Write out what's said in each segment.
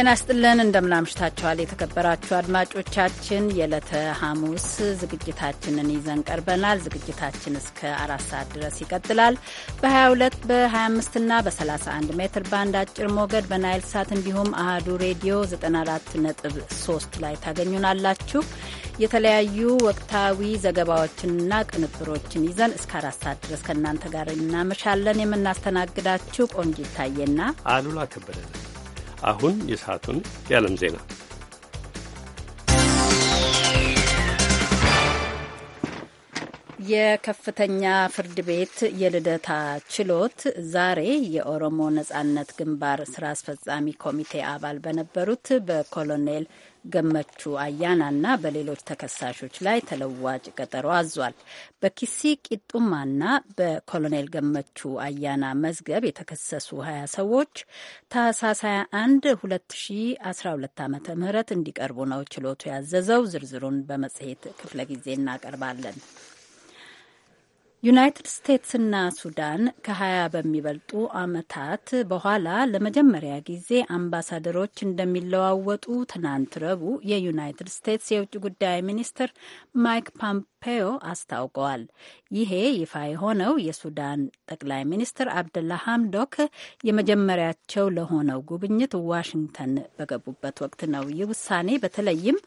ጤና ስጥልን እንደምናምሽታችኋል የተከበራችሁ አድማጮቻችን የዕለተ ሐሙስ ዝግጅታችንን ይዘን ቀርበናል። ዝግጅታችን እስከ አራት ሰዓት ድረስ ይቀጥላል። በ22 በ25 እና በ31 ሜትር ባንድ አጭር ሞገድ በናይል ሳት እንዲሁም አህዱ ሬዲዮ 94.3 ላይ ታገኙናላችሁ። የተለያዩ ወቅታዊ ዘገባዎችንና ቅንብሮችን ይዘን እስከ አራት ሰዓት ድረስ ከእናንተ ጋር እናመሻለን። የምናስተናግዳችሁ ቆንጂት ታዬና አሉላ ከበደ አሁን የሰዓቱን የዓለም ዜና የከፍተኛ ፍርድ ቤት የልደታ ችሎት ዛሬ የኦሮሞ ነጻነት ግንባር ስራ አስፈጻሚ ኮሚቴ አባል በነበሩት በኮሎኔል ገመቹ አያናና በሌሎች ተከሳሾች ላይ ተለዋጭ ቀጠሮ አዟል። በኪሲ ቂጡማና በኮሎኔል ገመቹ አያና መዝገብ የተከሰሱ 20 ሰዎች ታህሳስ 21 2012 ዓ ም እንዲቀርቡ ነው ችሎቱ ያዘዘው። ዝርዝሩን በመጽሔት ክፍለ ጊዜ እናቀርባለን። ዩናይትድ ስቴትስና ሱዳን ከ20 በሚበልጡ ዓመታት በኋላ ለመጀመሪያ ጊዜ አምባሳደሮች እንደሚለዋወጡ ትናንት ረቡዕ የዩናይትድ ስቴትስ የውጭ ጉዳይ ሚኒስትር ማይክ ፖምፔዮ አስታውቀዋል። ይሄ ይፋ የሆነው የሱዳን ጠቅላይ ሚኒስትር አብደላ ሀምዶክ የመጀመሪያቸው ለሆነው ጉብኝት ዋሽንግተን በገቡበት ወቅት ነው። ይህ ውሳኔ በተለይም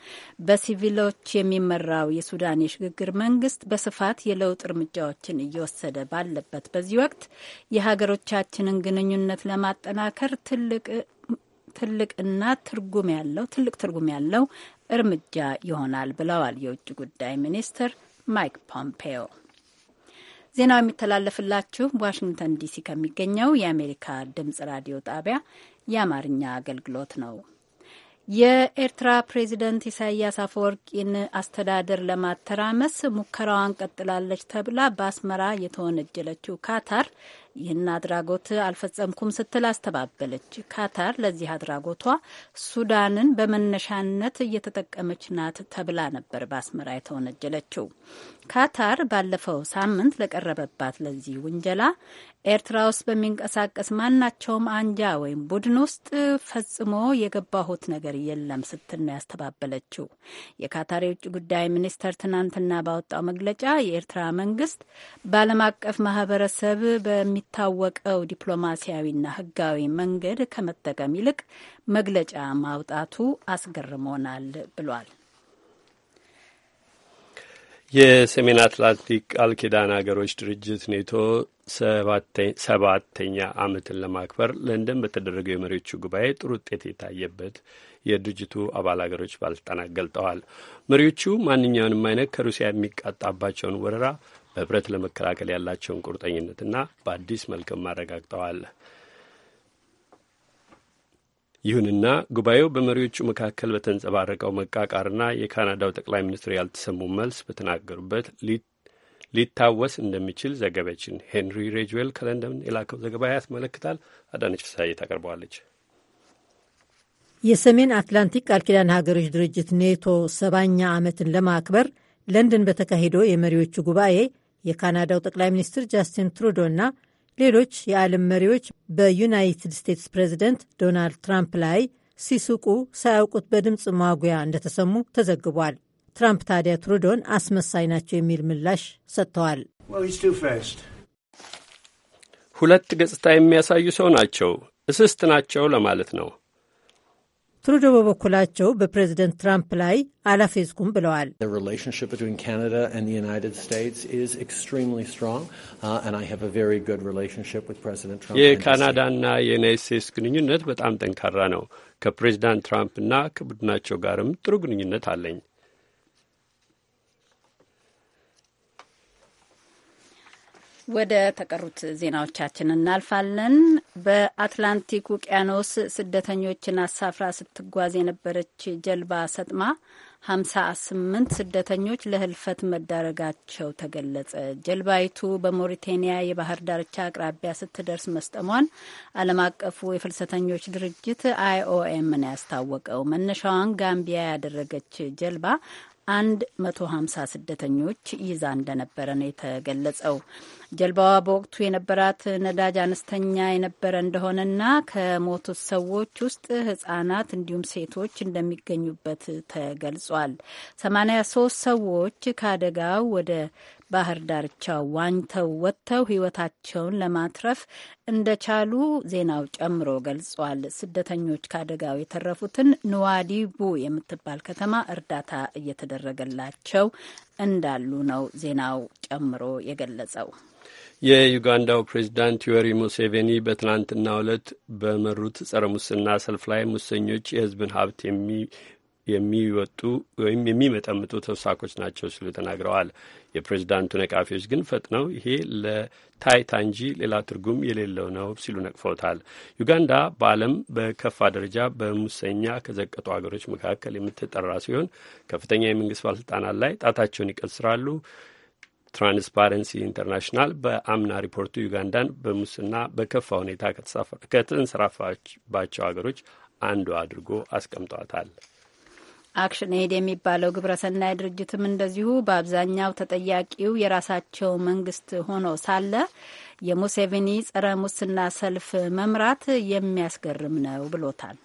በሲቪሎች የሚመራው የሱዳን የሽግግር መንግስት በስፋት የለውጥ እርምጃዎችን እየወሰደ ባለበት በዚህ ወቅት የሀገሮቻችንን ግንኙነት ለማጠናከር ትልቅ ትልቅና ትርጉም ያለው ትልቅ ትርጉም ያለው እርምጃ ይሆናል ብለዋል የውጭ ጉዳይ ሚኒስትር ማይክ ፖምፔዮ። ዜናው የሚተላለፍላችሁ ዋሽንግተን ዲሲ ከሚገኘው የአሜሪካ ድምጽ ራዲዮ ጣቢያ የአማርኛ አገልግሎት ነው። የኤርትራ ፕሬዚደንት ኢሳያስ አፈወርቂን አስተዳደር ለማተራመስ ሙከራዋን ቀጥላለች ተብላ በአስመራ የተወነጀለችው ካታር ይህን አድራጎት አልፈጸምኩም ስትል አስተባበለች። ካታር ለዚህ አድራጎቷ ሱዳንን በመነሻነት እየተጠቀመች ናት ተብላ ነበር በአስመራ የተወነጀለችው። ካታር ባለፈው ሳምንት ለቀረበባት ለዚህ ውንጀላ ኤርትራ ውስጥ በሚንቀሳቀስ ማናቸውም አንጃ ወይም ቡድን ውስጥ ፈጽሞ የገባሁት ነገር የለም ስትል ነው ያስተባበለችው። የካታር የውጭ ጉዳይ ሚኒስተር ትናንትና ባወጣው መግለጫ የኤርትራ መንግስት በዓለም አቀፍ ማህበረሰብ በሚታወቀው ዲፕሎማሲያዊና ህጋዊ መንገድ ከመጠቀም ይልቅ መግለጫ ማውጣቱ አስገርሞናል ብሏል። የሰሜን አትላንቲክ ቃል ኪዳን ሀገሮች ድርጅት ኔቶ ሰባተኛ ዓመትን ለማክበር ለንደን በተደረገው የመሪዎቹ ጉባኤ ጥሩ ውጤት የታየበት የድርጅቱ አባል ሀገሮች ባለስልጣናት ገልጠዋል። መሪዎቹ ማንኛውንም አይነት ከሩሲያ የሚቃጣባቸውን ወረራ በህብረት ለመከላከል ያላቸውን ቁርጠኝነትና በአዲስ መልክም አረጋግጠዋል። ይሁንና ጉባኤው በመሪዎቹ መካከል በተንጸባረቀው መቃቃርና የካናዳው ጠቅላይ ሚኒስትር ያልተሰሙ መልስ በተናገሩበት ሊታወስ እንደሚችል ዘገበችን ሄንሪ ሬጅዌል ከለንደን የላከው ዘገባ ያስመለክታል። አዳነች ፍሳዬ ታቀርበዋለች። የሰሜን አትላንቲክ ቃል ኪዳን ሀገሮች ድርጅት ኔቶ ሰባኛ ዓመትን ለማክበር ለንደን በተካሄደው የመሪዎቹ ጉባኤ የካናዳው ጠቅላይ ሚኒስትር ጃስቲን ትሩዶ እና ሌሎች የዓለም መሪዎች በዩናይትድ ስቴትስ ፕሬዚደንት ዶናልድ ትራምፕ ላይ ሲስቁ ሳያውቁት በድምፅ ማጉያ እንደተሰሙ ተዘግቧል። ትራምፕ ታዲያ ትሩዶን አስመሳይ ናቸው የሚል ምላሽ ሰጥተዋል። ሁለት ገጽታ የሚያሳዩ ሰው ናቸው፣ እስስት ናቸው ለማለት ነው። ትሩዶ በበኩላቸው በፕሬዝደንት ትራምፕ ላይ አላፌዝኩም ብለዋል። uh, የካናዳና የዩናይት ስቴትስ ግንኙነት በጣም ጠንካራ ነው። ከፕሬዚዳንት ትራምፕና ከቡድናቸው ጋርም ጥሩ ግንኙነት አለኝ። ወደ ተቀሩት ዜናዎቻችን እናልፋለን። በአትላንቲክ ውቅያኖስ ስደተኞችን አሳፍራ ስትጓዝ የነበረች ጀልባ ሰጥማ ሀምሳ ስምንት ስደተኞች ለህልፈት መዳረጋቸው ተገለጸ። ጀልባይቱ በሞሪቴኒያ የባህር ዳርቻ አቅራቢያ ስትደርስ መስጠሟን ዓለም አቀፉ የፍልሰተኞች ድርጅት አይኦኤም ነው ያስታወቀው። መነሻዋን ጋምቢያ ያደረገች ጀልባ አንድ መቶ ሀምሳ ስደተኞች ይዛ እንደነበረ ነው የተገለጸው። ጀልባዋ በወቅቱ የነበራት ነዳጅ አነስተኛ የነበረ እንደሆነና ከሞቱት ሰዎች ውስጥ ሕጻናት እንዲሁም ሴቶች እንደሚገኙበት ተገልጿል። ሰማኒያ ሶስት ሰዎች ከአደጋው ወደ ባህር ዳርቻ ዋኝተው ወጥተው ህይወታቸውን ለማትረፍ እንደቻሉ ዜናው ጨምሮ ገልጿል። ስደተኞች ከአደጋው የተረፉትን ንዋዲቡ የምትባል ከተማ እርዳታ እየተደረገላቸው እንዳሉ ነው ዜናው ጨምሮ የገለጸው። የዩጋንዳው ፕሬዚዳንት ዮዌሪ ሙሴቬኒ በትናንትናው ዕለት በመሩት ጸረ ሙስና ሰልፍ ላይ ሙሰኞች የህዝብን ሀብት የሚወጡ ወይም የሚመጠምጡ ተውሳኮች ናቸው ሲሉ ተናግረዋል። የፕሬዚዳንቱ ነቃፊዎች ግን ፈጥነው ይሄ ለታይታ እንጂ ሌላ ትርጉም የሌለው ነው ሲሉ ነቅፈውታል። ዩጋንዳ በዓለም በከፋ ደረጃ በሙሰኛ ከዘቀጡ ሀገሮች መካከል የምትጠራ ሲሆን ከፍተኛ የመንግስት ባለስልጣናት ላይ ጣታቸውን ይቀስራሉ። ትራንስፓረንሲ ኢንተርናሽናል በአምና ሪፖርቱ ዩጋንዳን በሙስና በከፋ ሁኔታ ከተንሰራፋባቸው ሀገሮች አንዱ አድርጎ አስቀምጧታል። አክሽን ኤድ የሚባለው ግብረሰናይ ድርጅትም እንደዚሁ በአብዛኛው ተጠያቂው የራሳቸው መንግስት ሆኖ ሳለ የሙሴቪኒ ጸረ ሙስና ሰልፍ መምራት የሚያስገርም ነው ብሎታል።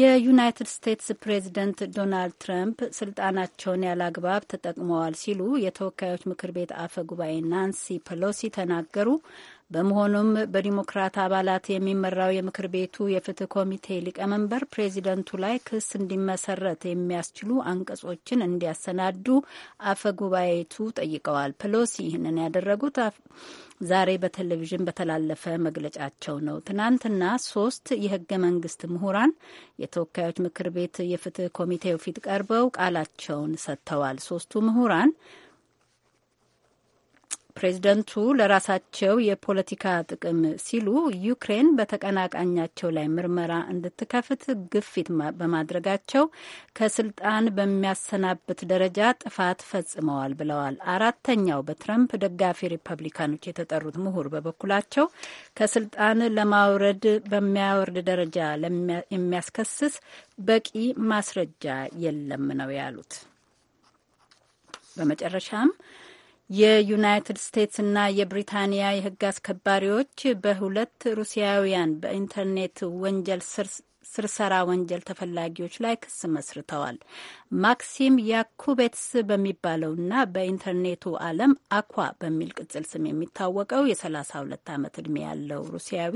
የዩናይትድ ስቴትስ ፕሬዝደንት ዶናልድ ትራምፕ ስልጣናቸውን ያላግባብ ተጠቅመዋል ሲሉ የተወካዮች ምክር ቤት አፈ ጉባኤ ናንሲ ፐሎሲ ተናገሩ። በመሆኑም በዲሞክራት አባላት የሚመራው የምክር ቤቱ የፍትህ ኮሚቴ ሊቀመንበር ፕሬዚደንቱ ላይ ክስ እንዲመሰረት የሚያስችሉ አንቀጾችን እንዲያሰናዱ አፈ ጉባኤቱ ጠይቀዋል። ፕሎሲ ይህንን ያደረጉት ዛሬ በቴሌቪዥን በተላለፈ መግለጫቸው ነው። ትናንትና ሶስት የህገ መንግስት ምሁራን የተወካዮች ምክር ቤት የፍትህ ኮሚቴው ፊት ቀርበው ቃላቸውን ሰጥተዋል። ሶስቱ ምሁራን ፕሬዝደንቱ ለራሳቸው የፖለቲካ ጥቅም ሲሉ ዩክሬን በተቀናቃኛቸው ላይ ምርመራ እንድትከፍት ግፊት በማድረጋቸው ከስልጣን በሚያሰናብት ደረጃ ጥፋት ፈጽመዋል ብለዋል። አራተኛው በትረምፕ ደጋፊ ሪፐብሊካኖች የተጠሩት ምሁር በበኩላቸው ከስልጣን ለማውረድ በሚያወርድ ደረጃ የሚያስከስስ በቂ ማስረጃ የለም ነው ያሉት። በመጨረሻም የዩናይትድ ስቴትስ እና የብሪታንያ የህግ አስከባሪዎች በሁለት ሩሲያውያን በኢንተርኔት ወንጀል ስርሰራ ወንጀል ተፈላጊዎች ላይ ክስ መስርተዋል። ማክሲም ያኩቤትስ በሚባለውና በኢንተርኔቱ ዓለም አኳ በሚል ቅጽል ስም የሚታወቀው የ32 ዓመት ዕድሜ ያለው ሩሲያዊ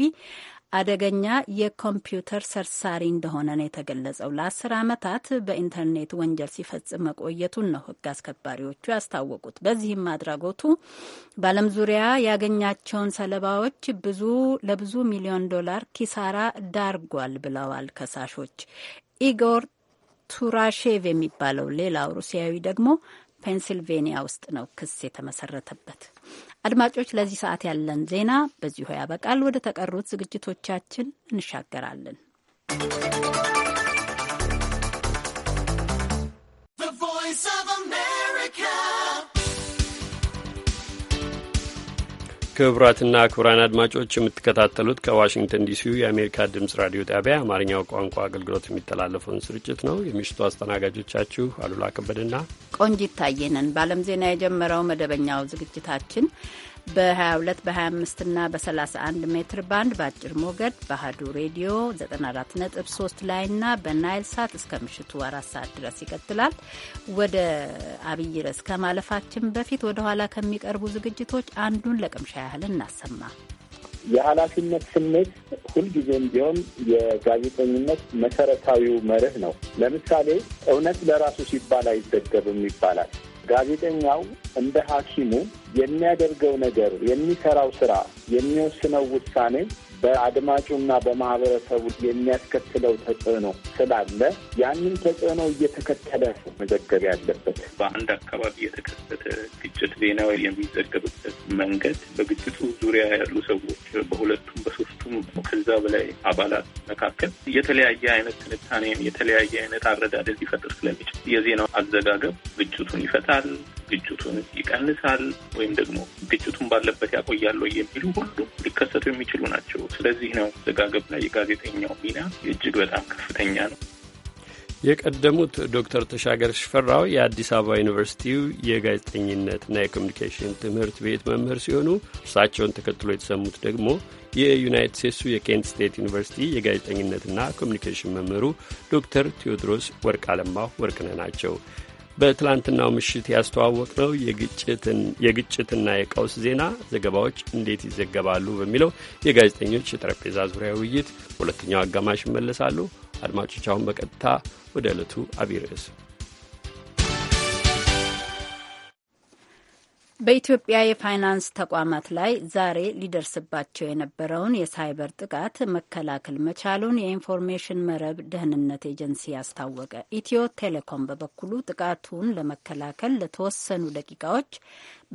አደገኛ የኮምፒውተር ሰርሳሪ እንደሆነ ነው የተገለጸው። ለአስር ዓመታት በኢንተርኔት ወንጀል ሲፈጽም መቆየቱን ነው ሕግ አስከባሪዎቹ ያስታወቁት። በዚህም አድራጎቱ በዓለም ዙሪያ ያገኛቸውን ሰለባዎች ብዙ ለብዙ ሚሊዮን ዶላር ኪሳራ ዳርጓል ብለዋል ከሳሾች። ኢጎር ቱራሼቭ የሚባለው ሌላው ሩሲያዊ ደግሞ ፔንሲልቬኒያ ውስጥ ነው ክስ የተመሰረተበት። አድማጮች፣ ለዚህ ሰዓት ያለን ዜና በዚሁ ያበቃል። ወደ ተቀሩት ዝግጅቶቻችን እንሻገራለን። ክቡራትና ክቡራን አድማጮች የምትከታተሉት ከዋሽንግተን ዲሲ የአሜሪካ ድምጽ ራዲዮ ጣቢያ አማርኛው ቋንቋ አገልግሎት የሚተላለፈውን ስርጭት ነው። የምሽቱ አስተናጋጆቻችሁ አሉላ ከበድና ቆንጂት ታየነን። በዓለም ዜና የጀመረው መደበኛው ዝግጅታችን በ22 በ25 እና በ31 ሜትር ባንድ በአጭር ሞገድ በአህዱ ሬዲዮ 94.3 ላይ እና በናይል ሳት እስከ ምሽቱ አራት ሰዓት ድረስ ይቀጥላል። ወደ አብይ ርዕስ ከማለፋችን በፊት ወደ ኋላ ከሚቀርቡ ዝግጅቶች አንዱን ለቅምሻ ያህል እናሰማ። የኃላፊነት ስሜት ሁልጊዜም ቢሆን የጋዜጠኝነት መሰረታዊው መርህ ነው። ለምሳሌ እውነት ለራሱ ሲባል አይዘገብም ይባላል። ጋዜጠኛው እንደ ሐኪሙ የሚያደርገው ነገር፣ የሚሰራው ስራ፣ የሚወስነው ውሳኔ በአድማጩና በማህበረሰቡ የሚያስከትለው ተጽዕኖ ስላለ ያንን ተጽዕኖ እየተከተለ መዘገብ ያለበት። በአንድ አካባቢ የተከሰተ ግጭት ዜናው የሚዘገብበት መንገድ በግጭቱ ዙሪያ ያሉ ሰዎች በሁለቱም በሶስቱም ከዛ በላይ አባላት መካከል የተለያየ አይነት ትንታኔን የተለያየ አይነት አረዳደር ሊፈጥር ስለሚችል የዜናው አዘጋገብ ግጭቱን ይፈታል ግጭቱን ይቀንሳል ወይም ደግሞ ግጭቱን ባለበት ያቆያል የሚሉ ሁሉ ሊከሰቱ የሚችሉ ናቸው። ስለዚህ ነው ዘጋገብ ላይ የጋዜጠኛው ሚና እጅግ በጣም ከፍተኛ ነው። የቀደሙት ዶክተር ተሻገር ሽፈራው የአዲስ አበባ ዩኒቨርሲቲው የጋዜጠኝነትና የኮሚኒኬሽን ትምህርት ቤት መምህር ሲሆኑ እርሳቸውን ተከትሎ የተሰሙት ደግሞ የዩናይትድ ስቴትሱ የኬንት ስቴት ዩኒቨርሲቲ የጋዜጠኝነትና ኮሚኒኬሽን መምህሩ ዶክተር ቴዎድሮስ ወርቅ አለማው ወርቅነህ ናቸው። በትላንትናው ምሽት ያስተዋወቅ ነው የግጭትና የቀውስ ዜና ዘገባዎች እንዴት ይዘገባሉ በሚለው የጋዜጠኞች የጠረጴዛ ዙሪያ ውይይት ሁለተኛው አጋማሽ ይመለሳሉ። አድማጮች አሁን በቀጥታ ወደ ዕለቱ አቢይ ርዕስ በኢትዮጵያ የፋይናንስ ተቋማት ላይ ዛሬ ሊደርስባቸው የነበረውን የሳይበር ጥቃት መከላከል መቻሉን የኢንፎርሜሽን መረብ ደህንነት ኤጀንሲ አስታወቀ። ኢትዮ ቴሌኮም በበኩሉ ጥቃቱን ለመከላከል ለተወሰኑ ደቂቃዎች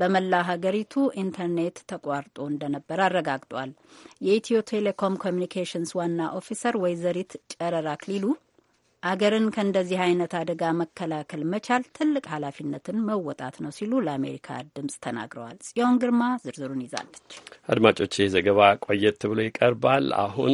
በመላ ሀገሪቱ ኢንተርኔት ተቋርጦ እንደነበር አረጋግጧል። የኢትዮ ቴሌኮም ኮሚኒኬሽንስ ዋና ኦፊሰር ወይዘሪት ጨረራ ክሊሉ አገርን ከእንደዚህ አይነት አደጋ መከላከል መቻል ትልቅ ኃላፊነትን መወጣት ነው ሲሉ ለአሜሪካ ድምፅ ተናግረዋል። ጽዮን ግርማ ዝርዝሩን ይዛለች። አድማጮች፣ ይህ ዘገባ ቆየት ብሎ ይቀርባል። አሁን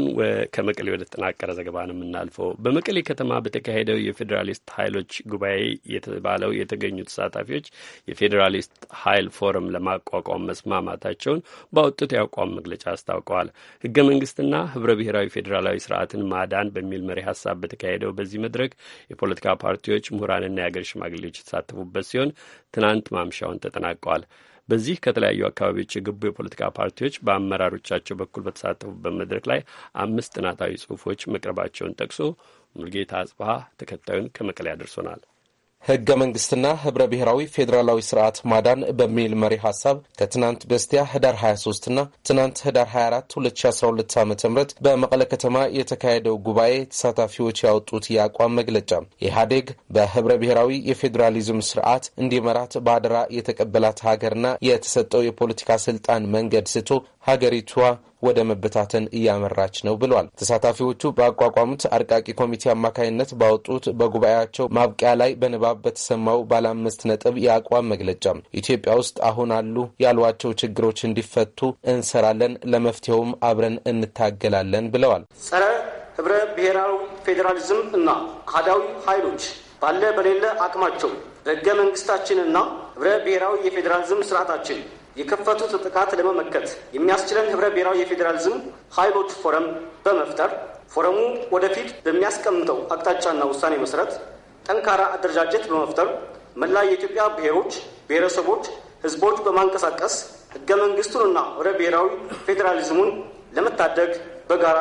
ከመቀሌ ወደ ተጠናቀረ ዘገባ ነው የምናልፈው። በመቀሌ ከተማ በተካሄደው የፌዴራሊስት ኃይሎች ጉባኤ የተባለው የተገኙ ተሳታፊዎች የፌዴራሊስት ኃይል ፎረም ለማቋቋም መስማማታቸውን ባወጡት የአቋም መግለጫ አስታውቀዋል። ህገ መንግስትና ህብረ ብሔራዊ ፌዴራላዊ ስርዓትን ማዳን በሚል መሪ ሀሳብ በተካሄደው በዚህ በዚህ መድረክ የፖለቲካ ፓርቲዎች፣ ምሁራንና የአገር ሽማግሌዎች የተሳተፉበት ሲሆን ትናንት ማምሻውን ተጠናቀዋል። በዚህ ከተለያዩ አካባቢዎች የገቡ የፖለቲካ ፓርቲዎች በአመራሮቻቸው በኩል በተሳተፉበት መድረክ ላይ አምስት ጥናታዊ ጽሁፎች መቅረባቸውን ጠቅሶ ሙልጌታ አጽብሃ ተከታዩን ከመቀሌ ያደርሶናል። ህገ መንግስትና ህብረ ብሔራዊ ፌዴራላዊ ስርዓት ማዳን በሚል መሪ ሀሳብ ከትናንት በስቲያ ህዳር 23ና ትናንት ህዳር 24 2012 ዓ ም በመቀለ ከተማ የተካሄደው ጉባኤ ተሳታፊዎች ያወጡት የአቋም መግለጫ ኢህአዴግ በህብረ ብሔራዊ የፌዴራሊዝም ስርዓት እንዲመራት በአደራ የተቀበላት ሀገርና የተሰጠው የፖለቲካ ስልጣን መንገድ ስቶ ሀገሪቷ ወደ መበታተን እያመራች ነው ብሏል። ተሳታፊዎቹ በአቋቋሙት አርቃቂ ኮሚቴ አማካኝነት ባወጡት በጉባኤያቸው ማብቂያ ላይ በንባብ በተሰማው ባለ አምስት ነጥብ የአቋም መግለጫ ኢትዮጵያ ውስጥ አሁን አሉ ያሏቸው ችግሮች እንዲፈቱ እንሰራለን፣ ለመፍትሄውም አብረን እንታገላለን ብለዋል። ጸረ ህብረ ብሔራዊ ፌዴራሊዝም እና አህዳዊ ኃይሎች ባለ በሌለ አቅማቸው በህገ መንግስታችንና ህብረ ብሔራዊ የፌዴራሊዝም ስርዓታችን የከፈቱት ጥቃት ለመመከት የሚያስችለን ህብረ ብሔራዊ የፌዴራሊዝም ኃይሎች ፎረም በመፍጠር ፎረሙ ወደፊት በሚያስቀምጠው አቅጣጫና ውሳኔ መሰረት ጠንካራ አደረጃጀት በመፍጠር መላ የኢትዮጵያ ብሔሮች፣ ብሔረሰቦች፣ ህዝቦች በማንቀሳቀስ ህገ መንግስቱንና ህብረ ብሔራዊ ፌዴራሊዝሙን ለመታደግ በጋራ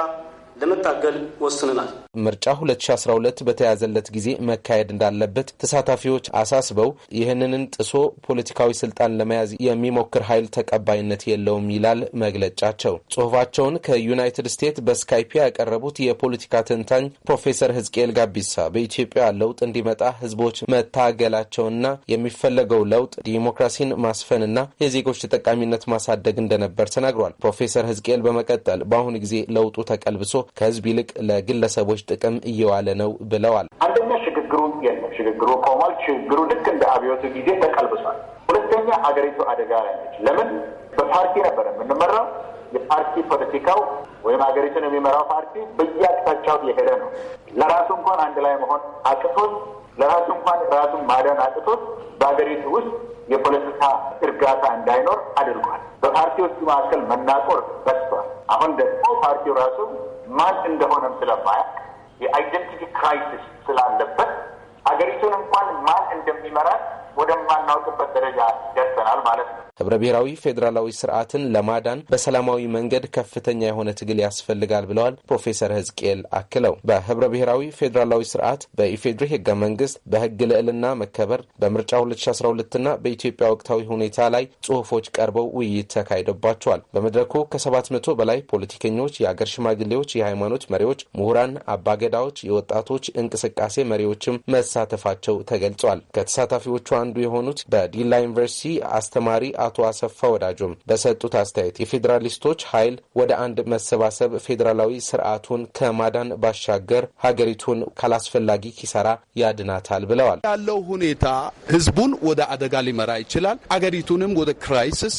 ለመታገል ወስንናል። ምርጫ 2012 በተያዘለት ጊዜ መካሄድ እንዳለበት ተሳታፊዎች አሳስበው ይህንንን ጥሶ ፖለቲካዊ ስልጣን ለመያዝ የሚሞክር ኃይል ተቀባይነት የለውም ይላል መግለጫቸው። ጽሁፋቸውን ከዩናይትድ ስቴትስ በስካይፕ ያቀረቡት የፖለቲካ ተንታኝ ፕሮፌሰር ህዝቅኤል ጋቢሳ በኢትዮጵያ ለውጥ እንዲመጣ ህዝቦች መታገላቸውና የሚፈለገው ለውጥ ዲሞክራሲን ማስፈንና የዜጎች ተጠቃሚነት ማሳደግ እንደነበር ተናግሯል። ፕሮፌሰር ህዝቅኤል በመቀጠል በአሁኑ ጊዜ ለውጡ ተቀልብሶ ከህዝብ ይልቅ ለግለሰቦች ጥቅም እየዋለ ነው ብለዋል። አንደኛ ሽግግሩ የለም። ሽግግሩ ቆሟል። ሽግግሩ ልክ እንደ አብዮቱ ጊዜ ተቀልብሷል። ሁለተኛ አገሪቱ አደጋ ላይ ነች። ለምን? በፓርቲ ነበር የምንመራው። የፓርቲ ፖለቲካው ወይም ሀገሪቱን የሚመራው ፓርቲ በየአቅጣጫው የሄደ ነው። ለራሱ እንኳን አንድ ላይ መሆን አቅቶት፣ ለራሱ እንኳን ራሱን ማዳን አቅቶት በሀገሪቱ ውስጥ የፖለቲካ እርጋታ እንዳይኖር አድርጓል። በፓርቲዎቹ መካከል መናቆር በስቷል። አሁን ደግሞ ፓርቲው ራሱ ማን እንደሆነም ስለማያውቅ የአይደንቲቲ ክራይሲስ ስላለበት ሀገሪቱን እንኳን ማን እንደሚመራት ወደማናውቅበት ደረጃ ደርሰናል ማለት ነው። ህብረ ብሔራዊ ፌዴራላዊ ስርዓትን ለማዳን በሰላማዊ መንገድ ከፍተኛ የሆነ ትግል ያስፈልጋል ብለዋል ፕሮፌሰር ህዝቅኤል አክለው በህብረ ብሔራዊ ፌዴራላዊ ስርዓት በኢፌዴሪ ህገ መንግስት በህግ ልዕልና መከበር በምርጫ 2012ና በኢትዮጵያ ወቅታዊ ሁኔታ ላይ ጽሁፎች ቀርበው ውይይት ተካሂደባቸዋል። በመድረኩ ከሰባት መቶ በላይ ፖለቲከኞች፣ የአገር ሽማግሌዎች፣ የሃይማኖት መሪዎች፣ ምሁራን፣ አባገዳዎች፣ የወጣቶች እንቅስቃሴ መሪዎችም መሳተፋቸው ተገልጿል። ከተሳታፊዎቿ አንዱ የሆኑት በዲላ ዩኒቨርሲቲ አስተማሪ አቶ አሰፋ ወዳጆም በሰጡት አስተያየት የፌዴራሊስቶች ኃይል ወደ አንድ መሰባሰብ ፌዴራላዊ ስርዓቱን ከማዳን ባሻገር ሀገሪቱን ካላስፈላጊ ኪሳራ ያድናታል ብለዋል። ያለው ሁኔታ ህዝቡን ወደ አደጋ ሊመራ ይችላል። አገሪቱንም ወደ ክራይሲስ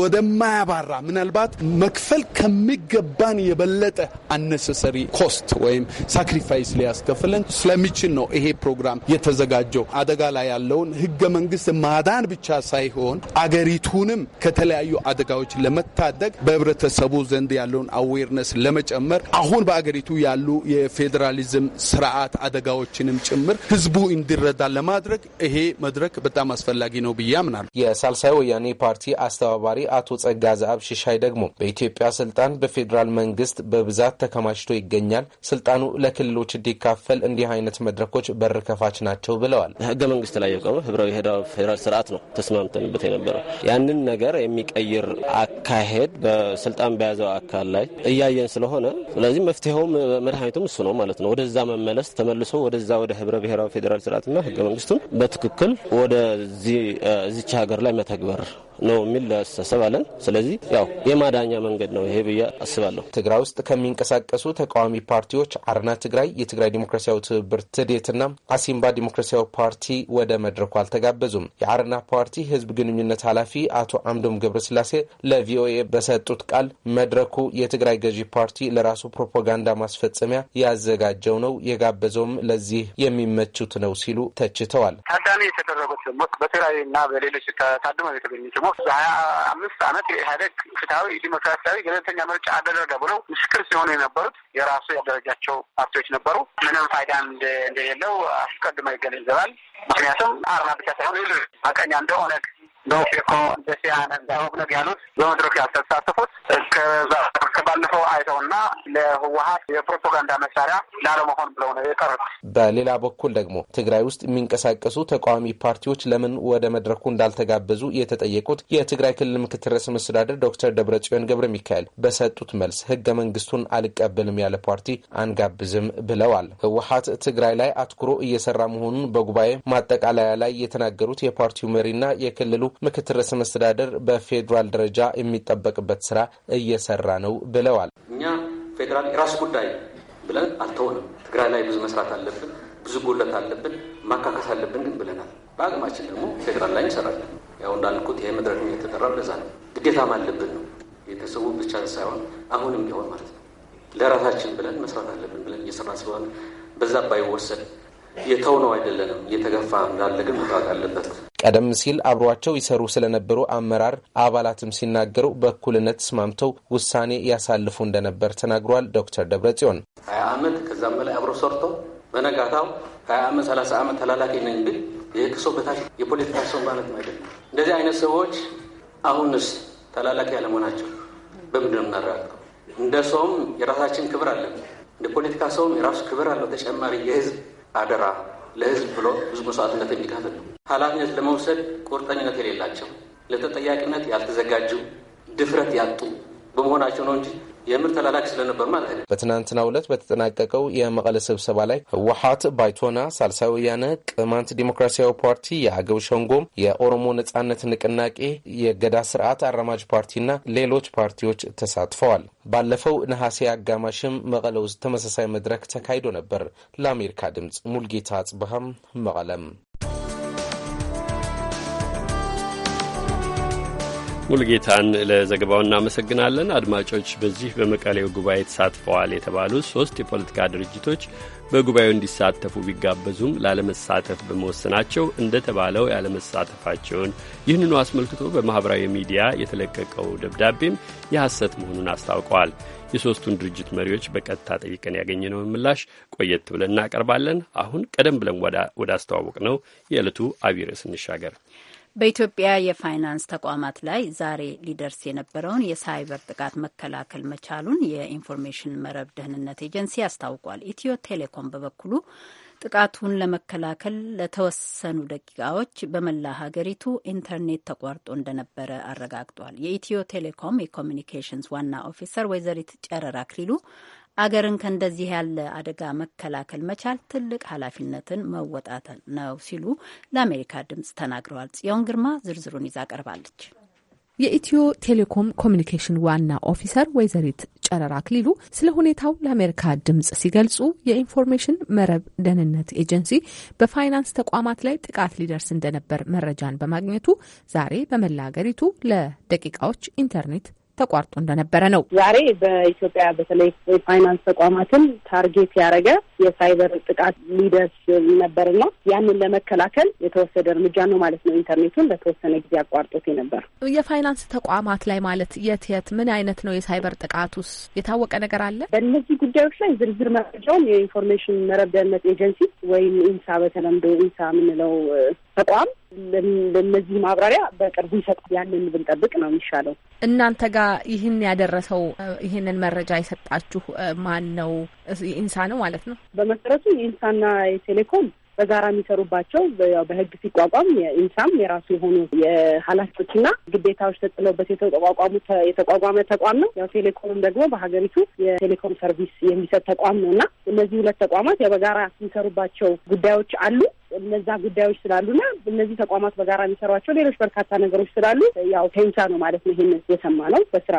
ወደማያባራ ምናልባት መክፈል ከሚገባን የበለጠ አነሰሰሪ ኮስት ወይም ሳክሪፋይስ ሊያስከፍለን ስለሚችል ነው ይሄ ፕሮግራም የተዘጋጀው። አደጋ ላይ ያለውን ህገ መንግስት ማዳን ብቻ ሳይሆን አገሪቱንም ከተለያዩ አደጋዎች ለመታደግ በህብረተሰቡ ዘንድ ያለውን አዌርነስ ለመጨመር አሁን በአገሪቱ ያሉ የፌዴራሊዝም ስርዓት አደጋዎችንም ጭምር ህዝቡ እንዲረዳ ለማድረግ ይሄ መድረክ በጣም አስፈላጊ ነው ብዬ አምናለሁ። የሳልሳይ ወያኔ ፓርቲ አስተባባሪ አቶ ጸጋ ዘአብ ሽሻይ ደግሞ በኢትዮጵያ ስልጣን በፌዴራል መንግስት በብዛት ተከማችቶ ይገኛል። ስልጣኑ ለክልሎች እንዲካፈል እንዲህ አይነት መድረኮች በር ከፋች ናቸው ብለዋል። ህገ መንግስት ላይ የቆመ ህብራዊ ፌዴራል ስርዓት ነው ተስማምተንበት የነበረው። ያንን ነገር የሚቀይር አካሄድ በስልጣን በያዘው አካል ላይ እያየን ስለሆነ ስለዚህ መፍትሄውም መድኃኒቱም እሱ ነው ማለት ነው። ወደዛ መመለስ ተመልሶ ወደዛ ወደ ህብረ ብሔራዊ ፌዴራል ስርዓትና ህገ መንግስቱን በትክክል ወደዚህ እዚች ሀገር ላይ መተግበር ነው የሚል አስተሳሰብ አለን። ስለዚህ ያው የማዳኛ መንገድ ነው ይሄ ብዬ አስባለሁ። ትግራይ ውስጥ ከሚንቀሳቀሱ ተቃዋሚ ፓርቲዎች አርና ትግራይ፣ የትግራይ ዲሞክራሲያዊ ትብብር ትዴትና አሲምባ ዲሞክራሲያዊ ፓርቲ ወደ መድረኩ አልተጋበዙም። የአርና ፓርቲ ህዝብ ግንኙነት ኃላፊ አቶ አምዶም ገብረስላሴ ለቪኦኤ በሰጡት ቃል መድረኩ የትግራይ ገዢ ፓርቲ ለራሱ ፕሮፓጋንዳ ማስፈጸሚያ ያዘጋጀው ነው፣ የጋበዘውም ለዚህ የሚመቹት ነው ሲሉ ተችተዋል። ታዳሚ የተደረጉት በትግራይ እና በሌሎች ታድመው የተገኙት ኦልሞስት በሀያ አምስት አመት የኢህአዴግ ፍትሐዊ ዲሞክራሲያዊ ገለልተኛ ምርጫ አደረገ ብለው ምስክር ሲሆኑ የነበሩት የራሱ ያደረጃቸው ፓርቲዎች ነበሩ። ምንም ፋይዳ እንደሌለው አስቀድሞ ይገነዘባል። ምክንያቱም አርማ ብቻ ሳይሆን አቀኛ እንደ ኦነግ እንደ ኦፌኮ እንደ ሲያን እንደ ኦብነግ ያሉት በመድረክ ያልተሳተፉት ከባለፈው ለህወሀት የፕሮፓጋንዳ መሳሪያ ላለመሆን ብለው ነው የቀሩት። በሌላ በኩል ደግሞ ትግራይ ውስጥ የሚንቀሳቀሱ ተቃዋሚ ፓርቲዎች ለምን ወደ መድረኩ እንዳልተጋበዙ የተጠየቁት የትግራይ ክልል ምክትል ርዕሰ መስተዳደር ዶክተር ደብረጽዮን ገብረ ሚካኤል በሰጡት መልስ ህገ መንግስቱን አልቀበልም ያለ ፓርቲ አንጋብዝም ብለዋል። ህወሀት ትግራይ ላይ አትኩሮ እየሰራ መሆኑን በጉባኤ ማጠቃለያ ላይ የተናገሩት የፓርቲው መሪና የክልሉ ምክትል ርዕሰ መስተዳደር በፌዴራል ደረጃ የሚጠበቅበት ስራ እየሰራ ነው ብለዋል። ፌዴራል የራስ ጉዳይ ብለን አልተውንም። ትግራይ ላይ ብዙ መስራት አለብን፣ ብዙ ጎለት አለብን፣ ማካከስ አለብን ግን ብለናል። በአቅማችን ደግሞ ፌዴራል ላይ እንሰራለን። ያው እንዳልኩት ይሄ መድረክ የተጠራው ለዛ ነው። ግዴታም አለብን ነው የተሰቡ ብቻ ሳይሆን አሁንም ቢሆን ማለት ነው ለራሳችን ብለን መስራት አለብን ብለን እየሰራ ስለሆነ በዛ ባይወሰድ የተው ነው አይደለንም፣ እየተገፋ እንዳለ ግን መውጣት አለበት። ቀደም ሲል አብሯቸው ይሰሩ ስለነበሩ አመራር አባላትም ሲናገሩ በእኩልነት ተስማምተው ውሳኔ ያሳልፉ እንደነበር ተናግሯል። ዶክተር ደብረጽዮን ሀያ ዓመት ከዛም በላይ አብሮ ሰርቶ በነጋታው ሀያ አመት ሰላሳ ዓመት ተላላቂ ነኝ ግን የህግ ሰው በታች የፖለቲካ ሰው ማለት አይደለም። እንደዚህ አይነት ሰዎች አሁንስ ተላላቂ ያለመሆናቸው በምንድን ነው የምናረጋግጠው? እንደ ሰውም የራሳችን ክብር አለን። እንደ ፖለቲካ ሰውም የራሱ ክብር አለው። ተጨማሪ የህዝብ አደራ ለህዝብ ብሎ ብዙ መስዋዕትነት የሚከፍል ነው። ኃላፊነት ለመውሰድ ቁርጠኝነት የሌላቸው ለተጠያቂነት ያልተዘጋጁ ድፍረት ያጡ በመሆናቸው ነው እንጂ የምር ተላላኪ ስለነበር ማለት ነው። በትናንትናው ዕለት በተጠናቀቀው የመቀለ ስብሰባ ላይ ህወሀት፣ ባይቶና፣ ሳልሳይ ወያነ፣ ቅማንት ዲሞክራሲያዊ ፓርቲ፣ የአገው ሸንጎም፣ የኦሮሞ ነጻነት ንቅናቄ፣ የገዳ ስርዓት አራማጅ ፓርቲና ሌሎች ፓርቲዎች ተሳትፈዋል። ባለፈው ነሐሴ አጋማሽም መቀለ ውስጥ ተመሳሳይ መድረክ ተካሂዶ ነበር። ለአሜሪካ ድምፅ ሙልጌታ አጽብሃም መቀለም ሙልጌታን ለዘገባው እናመሰግናለን። አድማጮች በዚህ በመቀሌው ጉባኤ ተሳትፈዋል የተባሉ ሶስት የፖለቲካ ድርጅቶች በጉባኤው እንዲሳተፉ ቢጋበዙም ላለመሳተፍ በመወሰናቸው እንደተባለው ያለመሳተፋቸውን ይህንኑ አስመልክቶ በማኅበራዊ ሚዲያ የተለቀቀው ደብዳቤም የሐሰት መሆኑን አስታውቀዋል። የሦስቱን ድርጅት መሪዎች በቀጥታ ጠይቀን ያገኘነውን ምላሽ ቆየት ብለን እናቀርባለን። አሁን ቀደም ብለን ወደ አስተዋወቅ ነው የዕለቱ አቢይ ርዕስ እንሻገር። በኢትዮጵያ የፋይናንስ ተቋማት ላይ ዛሬ ሊደርስ የነበረውን የሳይበር ጥቃት መከላከል መቻሉን የኢንፎርሜሽን መረብ ደህንነት ኤጀንሲ አስታውቋል። ኢትዮ ቴሌኮም በበኩሉ ጥቃቱን ለመከላከል ለተወሰኑ ደቂቃዎች በመላ ሀገሪቱ ኢንተርኔት ተቋርጦ እንደነበረ አረጋግጧል። የኢትዮ ቴሌኮም የኮሚኒኬሽንስ ዋና ኦፊሰር ወይዘሪት ጨረር አክሊሉ አገርን ከእንደዚህ ያለ አደጋ መከላከል መቻል ትልቅ ኃላፊነትን መወጣት ነው ሲሉ ለአሜሪካ ድምጽ ተናግረዋል። ጽዮን ግርማ ዝርዝሩን ይዛ ቀርባለች። የኢትዮ ቴሌኮም ኮሚኒኬሽን ዋና ኦፊሰር ወይዘሪት ጨረራ አክሊሉ ስለ ሁኔታው ለአሜሪካ ድምጽ ሲገልጹ የኢንፎርሜሽን መረብ ደህንነት ኤጀንሲ በፋይናንስ ተቋማት ላይ ጥቃት ሊደርስ እንደነበር መረጃን በማግኘቱ ዛሬ በመላ ሀገሪቱ ለደቂቃዎች ኢንተርኔት ተቋርጦ እንደነበረ ነው። ዛሬ በኢትዮጵያ በተለይ የፋይናንስ ተቋማትን ታርጌት ያደረገ የሳይበር ጥቃት ሊደርስ ነበርና ያንን ለመከላከል የተወሰደ እርምጃ ነው ማለት ነው። ኢንተርኔቱን ለተወሰነ ጊዜ አቋርጦት ነበር። የፋይናንስ ተቋማት ላይ ማለት የት የት ምን አይነት ነው የሳይበር ጥቃቱስ የታወቀ ነገር አለ? በእነዚህ ጉዳዮች ላይ ዝርዝር መረጃውን የኢንፎርሜሽን መረብ ደህንነት ኤጀንሲ ወይም ኢንሳ በተለምዶ ኢንሳ የምንለው ተቋም ለነዚህ ማብራሪያ በቅርቡ ይሰጣል። ያንን ብንጠብቅ ነው የሚሻለው። እናንተ ጋር ይህን ያደረሰው ይህንን መረጃ የሰጣችሁ ማን ነው? ኢንሳ ነው ማለት ነው። በመሰረቱ የኢንሳና የቴሌኮም በጋራ የሚሰሩባቸው በህግ ሲቋቋም የኢንሳም የራሱ የሆኑ የኃላፊዎችና ግዴታዎች ተጥለውበት የተቋቋሙ የተቋቋመ ተቋም ነው። ያው ቴሌኮምም ደግሞ በሀገሪቱ የቴሌኮም ሰርቪስ የሚሰጥ ተቋም ነው እና እነዚህ ሁለት ተቋማት በጋራ የሚሰሩባቸው ጉዳዮች አሉ። እነዛ ጉዳዮች ስላሉና እነዚህ ተቋማት በጋራ የሚሰሯቸው ሌሎች በርካታ ነገሮች ስላሉ ያው ከኢንሳ ነው ማለት ነው። ይህን የሰማ ነው በስራ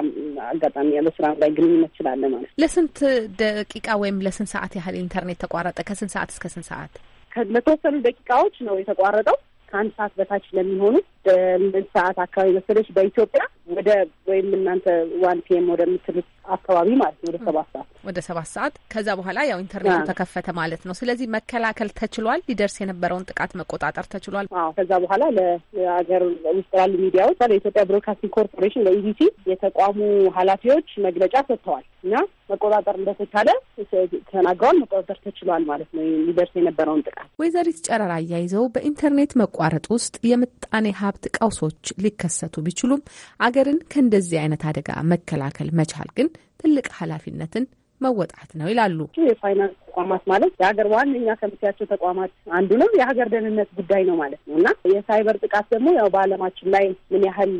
አጋጣሚ ስራ ላይ ግንኙነት ችላለ ማለት ነው። ለስንት ደቂቃ ወይም ለስንት ሰዓት ያህል ኢንተርኔት ተቋረጠ? ከስንት ሰዓት እስከ ስንት ሰዓት? ለተወሰኑ ደቂቃዎች ነው የተቋረጠው ከአንድ ሰዓት በታች ለሚሆኑ ስምንት ሰዓት አካባቢ መሰለች በኢትዮጵያ ወደ ወይም እናንተ ዋን ፒኤም ምትሉት አካባቢ ማለት ነው ወደ ሰባት ሰዓት ወደ ሰባት ሰዓት ከዛ በኋላ ያው ኢንተርኔቱ ተከፈተ ማለት ነው። ስለዚህ መከላከል ተችሏል። ሊደርስ የነበረውን ጥቃት መቆጣጠር ተችሏል። አዎ ከዛ በኋላ ለሀገር ውስጥ ላሉ ሚዲያዎች ለኢትዮጵያ ብሮድካስቲንግ ኮርፖሬሽን ለኢቢሲ የተቋሙ ኃላፊዎች መግለጫ ሰጥተዋል እና መቆጣጠር እንደተቻለ ተናግረዋል። መቆጣጠር ተችሏል ማለት ነው ሊደርስ የነበረውን ጥቃት። ወይዘሪት ጨረራ አያይዘው በኢንተርኔት መቋረጥ ውስጥ የምጣኔ ሀ ሀብት ቀውሶች ሊከሰቱ ቢችሉም አገርን ከእንደዚህ አይነት አደጋ መከላከል መቻል ግን ትልቅ ኃላፊነትን መወጣት ነው ይላሉ። የፋይናንስ ተቋማት ማለት የሀገር ዋነኛ ከምትያቸው ተቋማት አንዱ ነው። የሀገር ደህንነት ጉዳይ ነው ማለት ነው እና የሳይበር ጥቃት ደግሞ ያው በዓለማችን ላይ ምን ያህል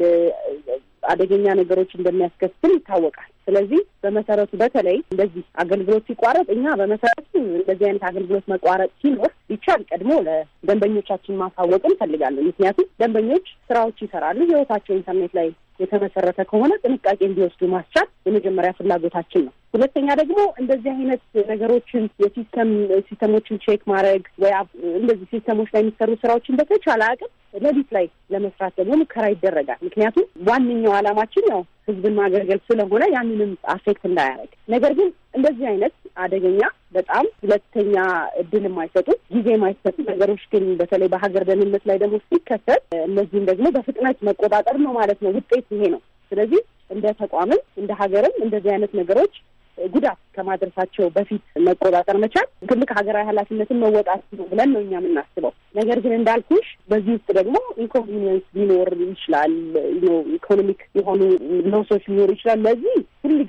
አደገኛ ነገሮች እንደሚያስከትል ይታወቃል። ስለዚህ በመሰረቱ በተለይ እንደዚህ አገልግሎት ሲቋረጥ እኛ በመሰረቱ እንደዚህ አይነት አገልግሎት መቋረጥ ሲኖር ይቻል ቀድሞ ለደንበኞቻችን ማሳወቅ እንፈልጋለን። ምክንያቱም ደንበኞች ስራዎች ይሰራሉ፣ ህይወታቸው ኢንተርኔት ላይ የተመሰረተ ከሆነ ጥንቃቄ እንዲወስዱ ማስቻል የመጀመሪያ ፍላጎታችን ነው። ሁለተኛ ደግሞ እንደዚህ አይነት ነገሮችን የሲስተም ሲስተሞችን ቼክ ማድረግ ወይ እንደዚህ ሲስተሞች ላይ የሚሰሩ ስራዎችን በተቻለ አቅም ሌሊት ላይ ለመስራት ደግሞ ሙከራ ይደረጋል። ምክንያቱም ዋነኛው ዓላማችን ያው ህዝብን ማገልገል ስለሆነ ያንንም አፌክት እንዳያደርግ። ነገር ግን እንደዚህ አይነት አደገኛ በጣም ሁለተኛ እድል የማይሰጡ ጊዜ የማይሰጡ ነገሮች ግን በተለይ በሀገር ደህንነት ላይ ደግሞ ሲከሰት እነዚህም ደግሞ በፍጥነት መቆጣጠር ነው ማለት ነው። ውጤት ይሄ ነው። ስለዚህ እንደ ተቋምም እንደ ሀገርም እንደዚህ አይነት ነገሮች ጉዳት ከማድረሳቸው በፊት መቆጣጠር መቻል ትልቅ ሀገራዊ ኃላፊነትን መወጣት ነው ብለን ነው እኛ የምናስበው። ነገር ግን እንዳልኩሽ በዚህ ውስጥ ደግሞ ኢንኮንቪኒየንስ ሊኖር ይችላል፣ ኢኮኖሚክ የሆኑ ሎሶች ሊኖሩ ይችላል። ለዚህ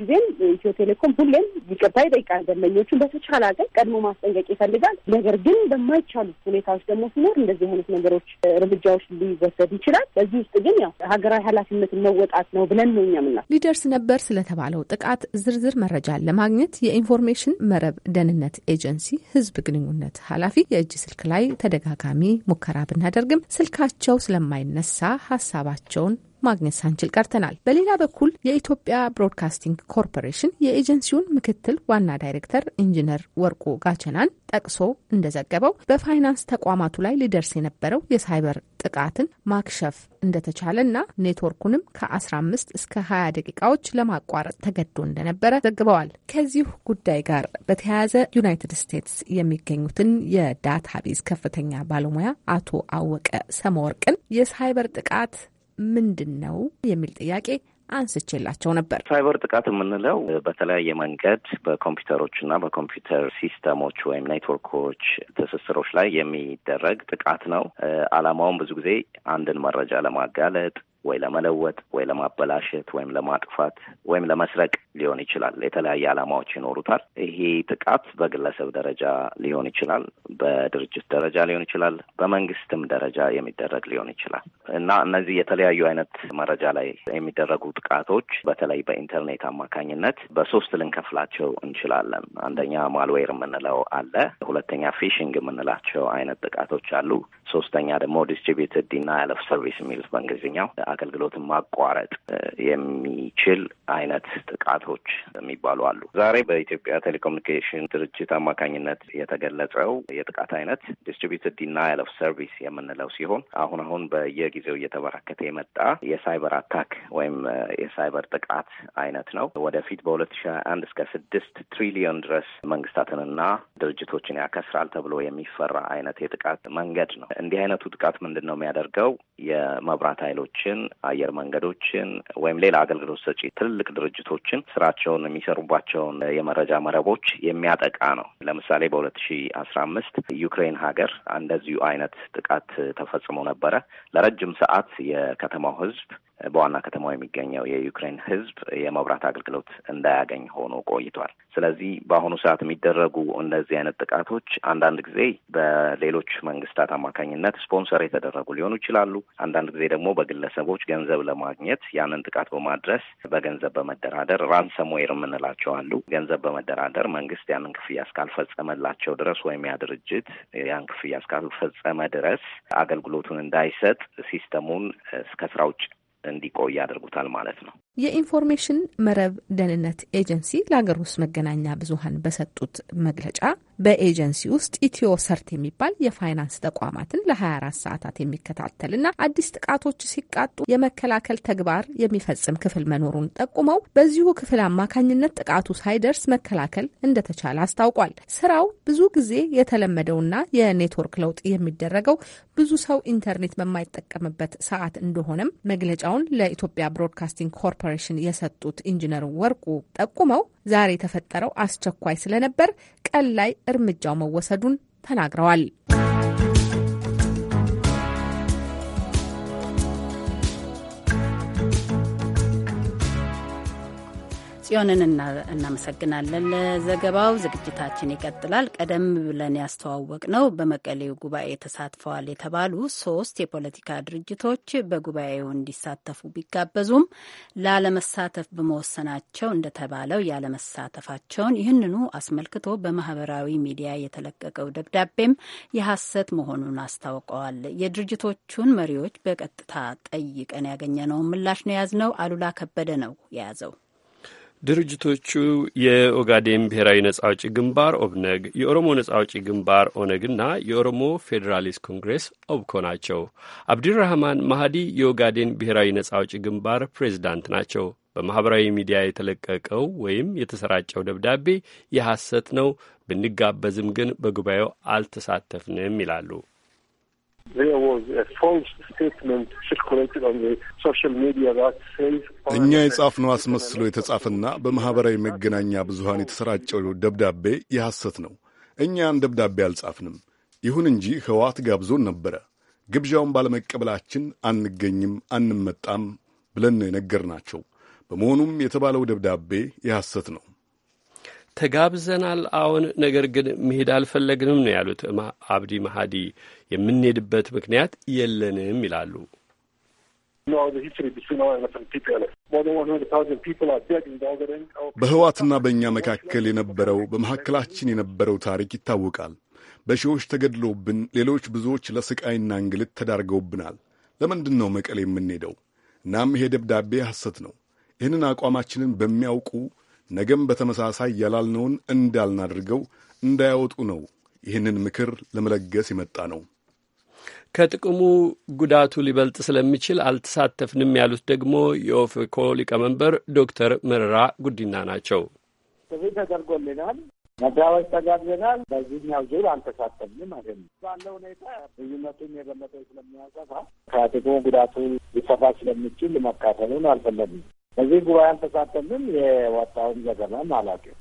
ጊዜም ኢትዮ ቴሌኮም ሁሌም ይገባ ይጠይቃል። ደንበኞቹን በተቻለ አቅም ቀድሞ ማስጠንቀቅ ይፈልጋል። ነገር ግን በማይቻሉ ሁኔታዎች ደግሞ ሲኖር እንደዚህ አይነት ነገሮች እርምጃዎች ሊወሰድ ይችላል። በዚህ ውስጥ ግን ያው ሀገራዊ ኃላፊነትን መወጣት ነው ብለን ነው ምና ሊደርስ ነበር ስለተባለው ጥቃት ዝርዝር መረጃ ለማግኘት የኢንፎርሜሽን መረብ ደህንነት ኤጀንሲ ህዝብ ግንኙነት ኃላፊ የእጅ ስልክ ላይ ተደጋጋሚ ሙከራ ብናደርግም ስልካቸው ስለማይነሳ ሀሳባቸውን ማግኘት ሳንችል ቀርተናል። በሌላ በኩል የኢትዮጵያ ብሮድካስቲንግ ኮርፖሬሽን የኤጀንሲውን ምክትል ዋና ዳይሬክተር ኢንጂነር ወርቁ ጋቸናን ጠቅሶ እንደዘገበው በፋይናንስ ተቋማቱ ላይ ሊደርስ የነበረው የሳይበር ጥቃትን ማክሸፍ እንደተቻለ እና ኔትወርኩንም ከ15 እስከ 20 ደቂቃዎች ለማቋረጥ ተገዶ እንደነበረ ዘግበዋል። ከዚሁ ጉዳይ ጋር በተያያዘ ዩናይትድ ስቴትስ የሚገኙትን የዳታቤዝ ከፍተኛ ባለሙያ አቶ አወቀ ሰመወርቅን የሳይበር ጥቃት ምንድን ነው የሚል ጥያቄ አንስቼላቸው ነበር። ሳይበር ጥቃት የምንለው በተለያየ መንገድ በኮምፒውተሮች እና በኮምፒውተር ሲስተሞች ወይም ኔትወርኮች ትስስሮች ላይ የሚደረግ ጥቃት ነው። ዓላማውም ብዙ ጊዜ አንድን መረጃ ለማጋለጥ ወይ ለመለወጥ ወይ ለማበላሸት ወይም ለማጥፋት ወይም ለመስረቅ ሊሆን ይችላል። የተለያየ ዓላማዎች ይኖሩታል። ይሄ ጥቃት በግለሰብ ደረጃ ሊሆን ይችላል፣ በድርጅት ደረጃ ሊሆን ይችላል፣ በመንግስትም ደረጃ የሚደረግ ሊሆን ይችላል እና እነዚህ የተለያዩ አይነት መረጃ ላይ የሚደረጉ ጥቃቶች በተለይ በኢንተርኔት አማካኝነት በሶስት ልንከፍላቸው እንችላለን። አንደኛ ማልዌር የምንለው አለ። ሁለተኛ ፊሽንግ የምንላቸው አይነት ጥቃቶች አሉ። ሶስተኛ ደግሞ ዲስትሪቢዩትድ ዲናይል ኦፍ ሰርቪስ የሚሉት በእንግሊዝኛው አገልግሎትን ማቋረጥ የሚችል አይነት ጥቃቶች የሚባሉ አሉ። ዛሬ በኢትዮጵያ ቴሌኮሙኒኬሽን ድርጅት አማካኝነት የተገለጸው የጥቃት አይነት ዲስትሪቢዩትድ ዲናይል ኦፍ ሰርቪስ የምንለው ሲሆን አሁን አሁን በየጊዜው እየተበራከተ የመጣ የሳይበር አታክ ወይም የሳይበር ጥቃት አይነት ነው። ወደፊት በሁለት ሺ ሀያ አንድ እስከ ስድስት ትሪሊዮን ድረስ መንግስታትንና ድርጅቶችን ያከስራል ተብሎ የሚፈራ አይነት የጥቃት መንገድ ነው። እንዲህ አይነቱ ጥቃት ምንድን ነው የሚያደርገው? የመብራት ኃይሎችን፣ አየር መንገዶችን ወይም ሌላ አገልግሎት ሰጪ ትልልቅ ድርጅቶችን ስራቸውን የሚሰሩባቸውን የመረጃ መረቦች የሚያጠቃ ነው። ለምሳሌ በሁለት ሺ አስራ አምስት ዩክሬን ሀገር እንደዚሁ አይነት ጥቃት ተፈጽሞ ነበረ። ለረጅም ሰዓት የከተማው ህዝብ በዋና ከተማው የሚገኘው የዩክሬን ህዝብ የመብራት አገልግሎት እንዳያገኝ ሆኖ ቆይቷል። ስለዚህ በአሁኑ ሰዓት የሚደረጉ እንደዚህ አይነት ጥቃቶች አንዳንድ ጊዜ በሌሎች መንግስታት አማካኝ አማካኝነት ስፖንሰር የተደረጉ ሊሆኑ ይችላሉ። አንዳንድ ጊዜ ደግሞ በግለሰቦች ገንዘብ ለማግኘት ያንን ጥቃት በማድረስ በገንዘብ በመደራደር ራንሰምዌር የምንላቸው አሉ። ገንዘብ በመደራደር መንግስት ያንን ክፍያ እስካልፈጸመላቸው ድረስ ወይም ያ ድርጅት ያን ክፍያ እስካልፈጸመ ድረስ አገልግሎቱን እንዳይሰጥ ሲስተሙን እስከ ስራ ውጭ እንዲቆይ ያደርጉታል ማለት ነው። የኢንፎርሜሽን መረብ ደህንነት ኤጀንሲ ለሀገር ውስጥ መገናኛ ብዙኃን በሰጡት መግለጫ በኤጀንሲ ውስጥ ኢትዮ ሰርት የሚባል የፋይናንስ ተቋማትን ለ24 ሰዓታት የሚከታተልና አዲስ ጥቃቶች ሲቃጡ የመከላከል ተግባር የሚፈጽም ክፍል መኖሩን ጠቁመው በዚሁ ክፍል አማካኝነት ጥቃቱ ሳይደርስ መከላከል እንደተቻለ አስታውቋል። ስራው ብዙ ጊዜ የተለመደውና የኔትወርክ ለውጥ የሚደረገው ብዙ ሰው ኢንተርኔት በማይጠቀምበት ሰዓት እንደሆነም መግለጫውን ለኢትዮጵያ ብሮድካስቲንግ ኮርፖ ኮርፖሬሽን የሰጡት ኢንጂነር ወርቁ ጠቁመው ዛሬ የተፈጠረው አስቸኳይ ስለነበር ቀን ላይ እርምጃው መወሰዱን ተናግረዋል። ጽዮንን እናመሰግናለን ለዘገባው። ዝግጅታችን ይቀጥላል። ቀደም ብለን ያስተዋወቅ ነው በመቀሌው ጉባኤ ተሳትፈዋል የተባሉ ሶስት የፖለቲካ ድርጅቶች በጉባኤው እንዲሳተፉ ቢጋበዙም ላለመሳተፍ በመወሰናቸው እንደተባለው ያለመሳተፋቸውን ይህንኑ አስመልክቶ በማህበራዊ ሚዲያ የተለቀቀው ደብዳቤም የሐሰት መሆኑን አስታውቀዋል። የድርጅቶቹን መሪዎች በቀጥታ ጠይቀን ያገኘነውን ምላሽ ነው የያዝነው። አሉላ ከበደ ነው የያዘው። ድርጅቶቹ የኦጋዴን ብሔራዊ ነጻ አውጪ ግንባር ኦብነግ፣ የኦሮሞ ነጻ አውጪ ግንባር ኦነግና የኦሮሞ ፌዴራሊስት ኮንግሬስ ኦብኮ ናቸው። አብዲራህማን ማሃዲ የኦጋዴን ብሔራዊ ነጻ አውጪ ግንባር ፕሬዚዳንት ናቸው። በማኅበራዊ ሚዲያ የተለቀቀው ወይም የተሰራጨው ደብዳቤ የሐሰት ነው፣ ብንጋበዝም ግን በጉባኤው አልተሳተፍንም ይላሉ። እኛ የጻፍነው አስመስሎ የተጻፈና በማኅበራዊ መገናኛ ብዙሃን የተሰራጨው ደብዳቤ የሐሰት ነው። እኛን ደብዳቤ አልጻፍንም። ይሁን እንጂ ሕወሓት ጋብዞን ነበረ። ግብዣውን ባለመቀበላችን አንገኝም፣ አንመጣም ብለን ነው የነገርናቸው። በመሆኑም የተባለው ደብዳቤ የሐሰት ነው። ተጋብዘናል፣ አሁን ነገር ግን መሄድ አልፈለግንም ነው ያሉት አብዲ መሀዲ። የምንሄድበት ምክንያት የለንም ይላሉ። በህዋትና በእኛ መካከል የነበረው በመካከላችን የነበረው ታሪክ ይታወቃል። በሺዎች ተገድሎብን፣ ሌሎች ብዙዎች ለስቃይና እንግልት ተዳርገውብናል። ለምንድን ነው መቀሌ የምንሄደው? እናም ይሄ ደብዳቤ ሐሰት ነው። ይህንን አቋማችንን በሚያውቁ ነገም በተመሳሳይ ያላልነውን እንዳልናድርገው እንዳያወጡ ነው ይህንን ምክር ለመለገስ የመጣ ነው። ከጥቅሙ ጉዳቱ ሊበልጥ ስለሚችል አልተሳተፍንም ያሉት ደግሞ የኦፌኮ ሊቀመንበር ዶክተር መረራ ጉዲና ናቸው። ጥሪ ተደርጎልናል፣ መድራዎች ተጋብዘናል። በዚህኛው ዙር አልተሳተፍንም ማለት ነው። ባለ ሁኔታ ልዩነቱን የበለጠ ስለሚያሰፋ ከጥቅሙ ጉዳቱ ሊሰፋ ስለሚችል መካፈሉን አልፈለግም። በዚህ ጉባኤ አልተሳተፍም። የወጣውን ዘገባም አላውቅም።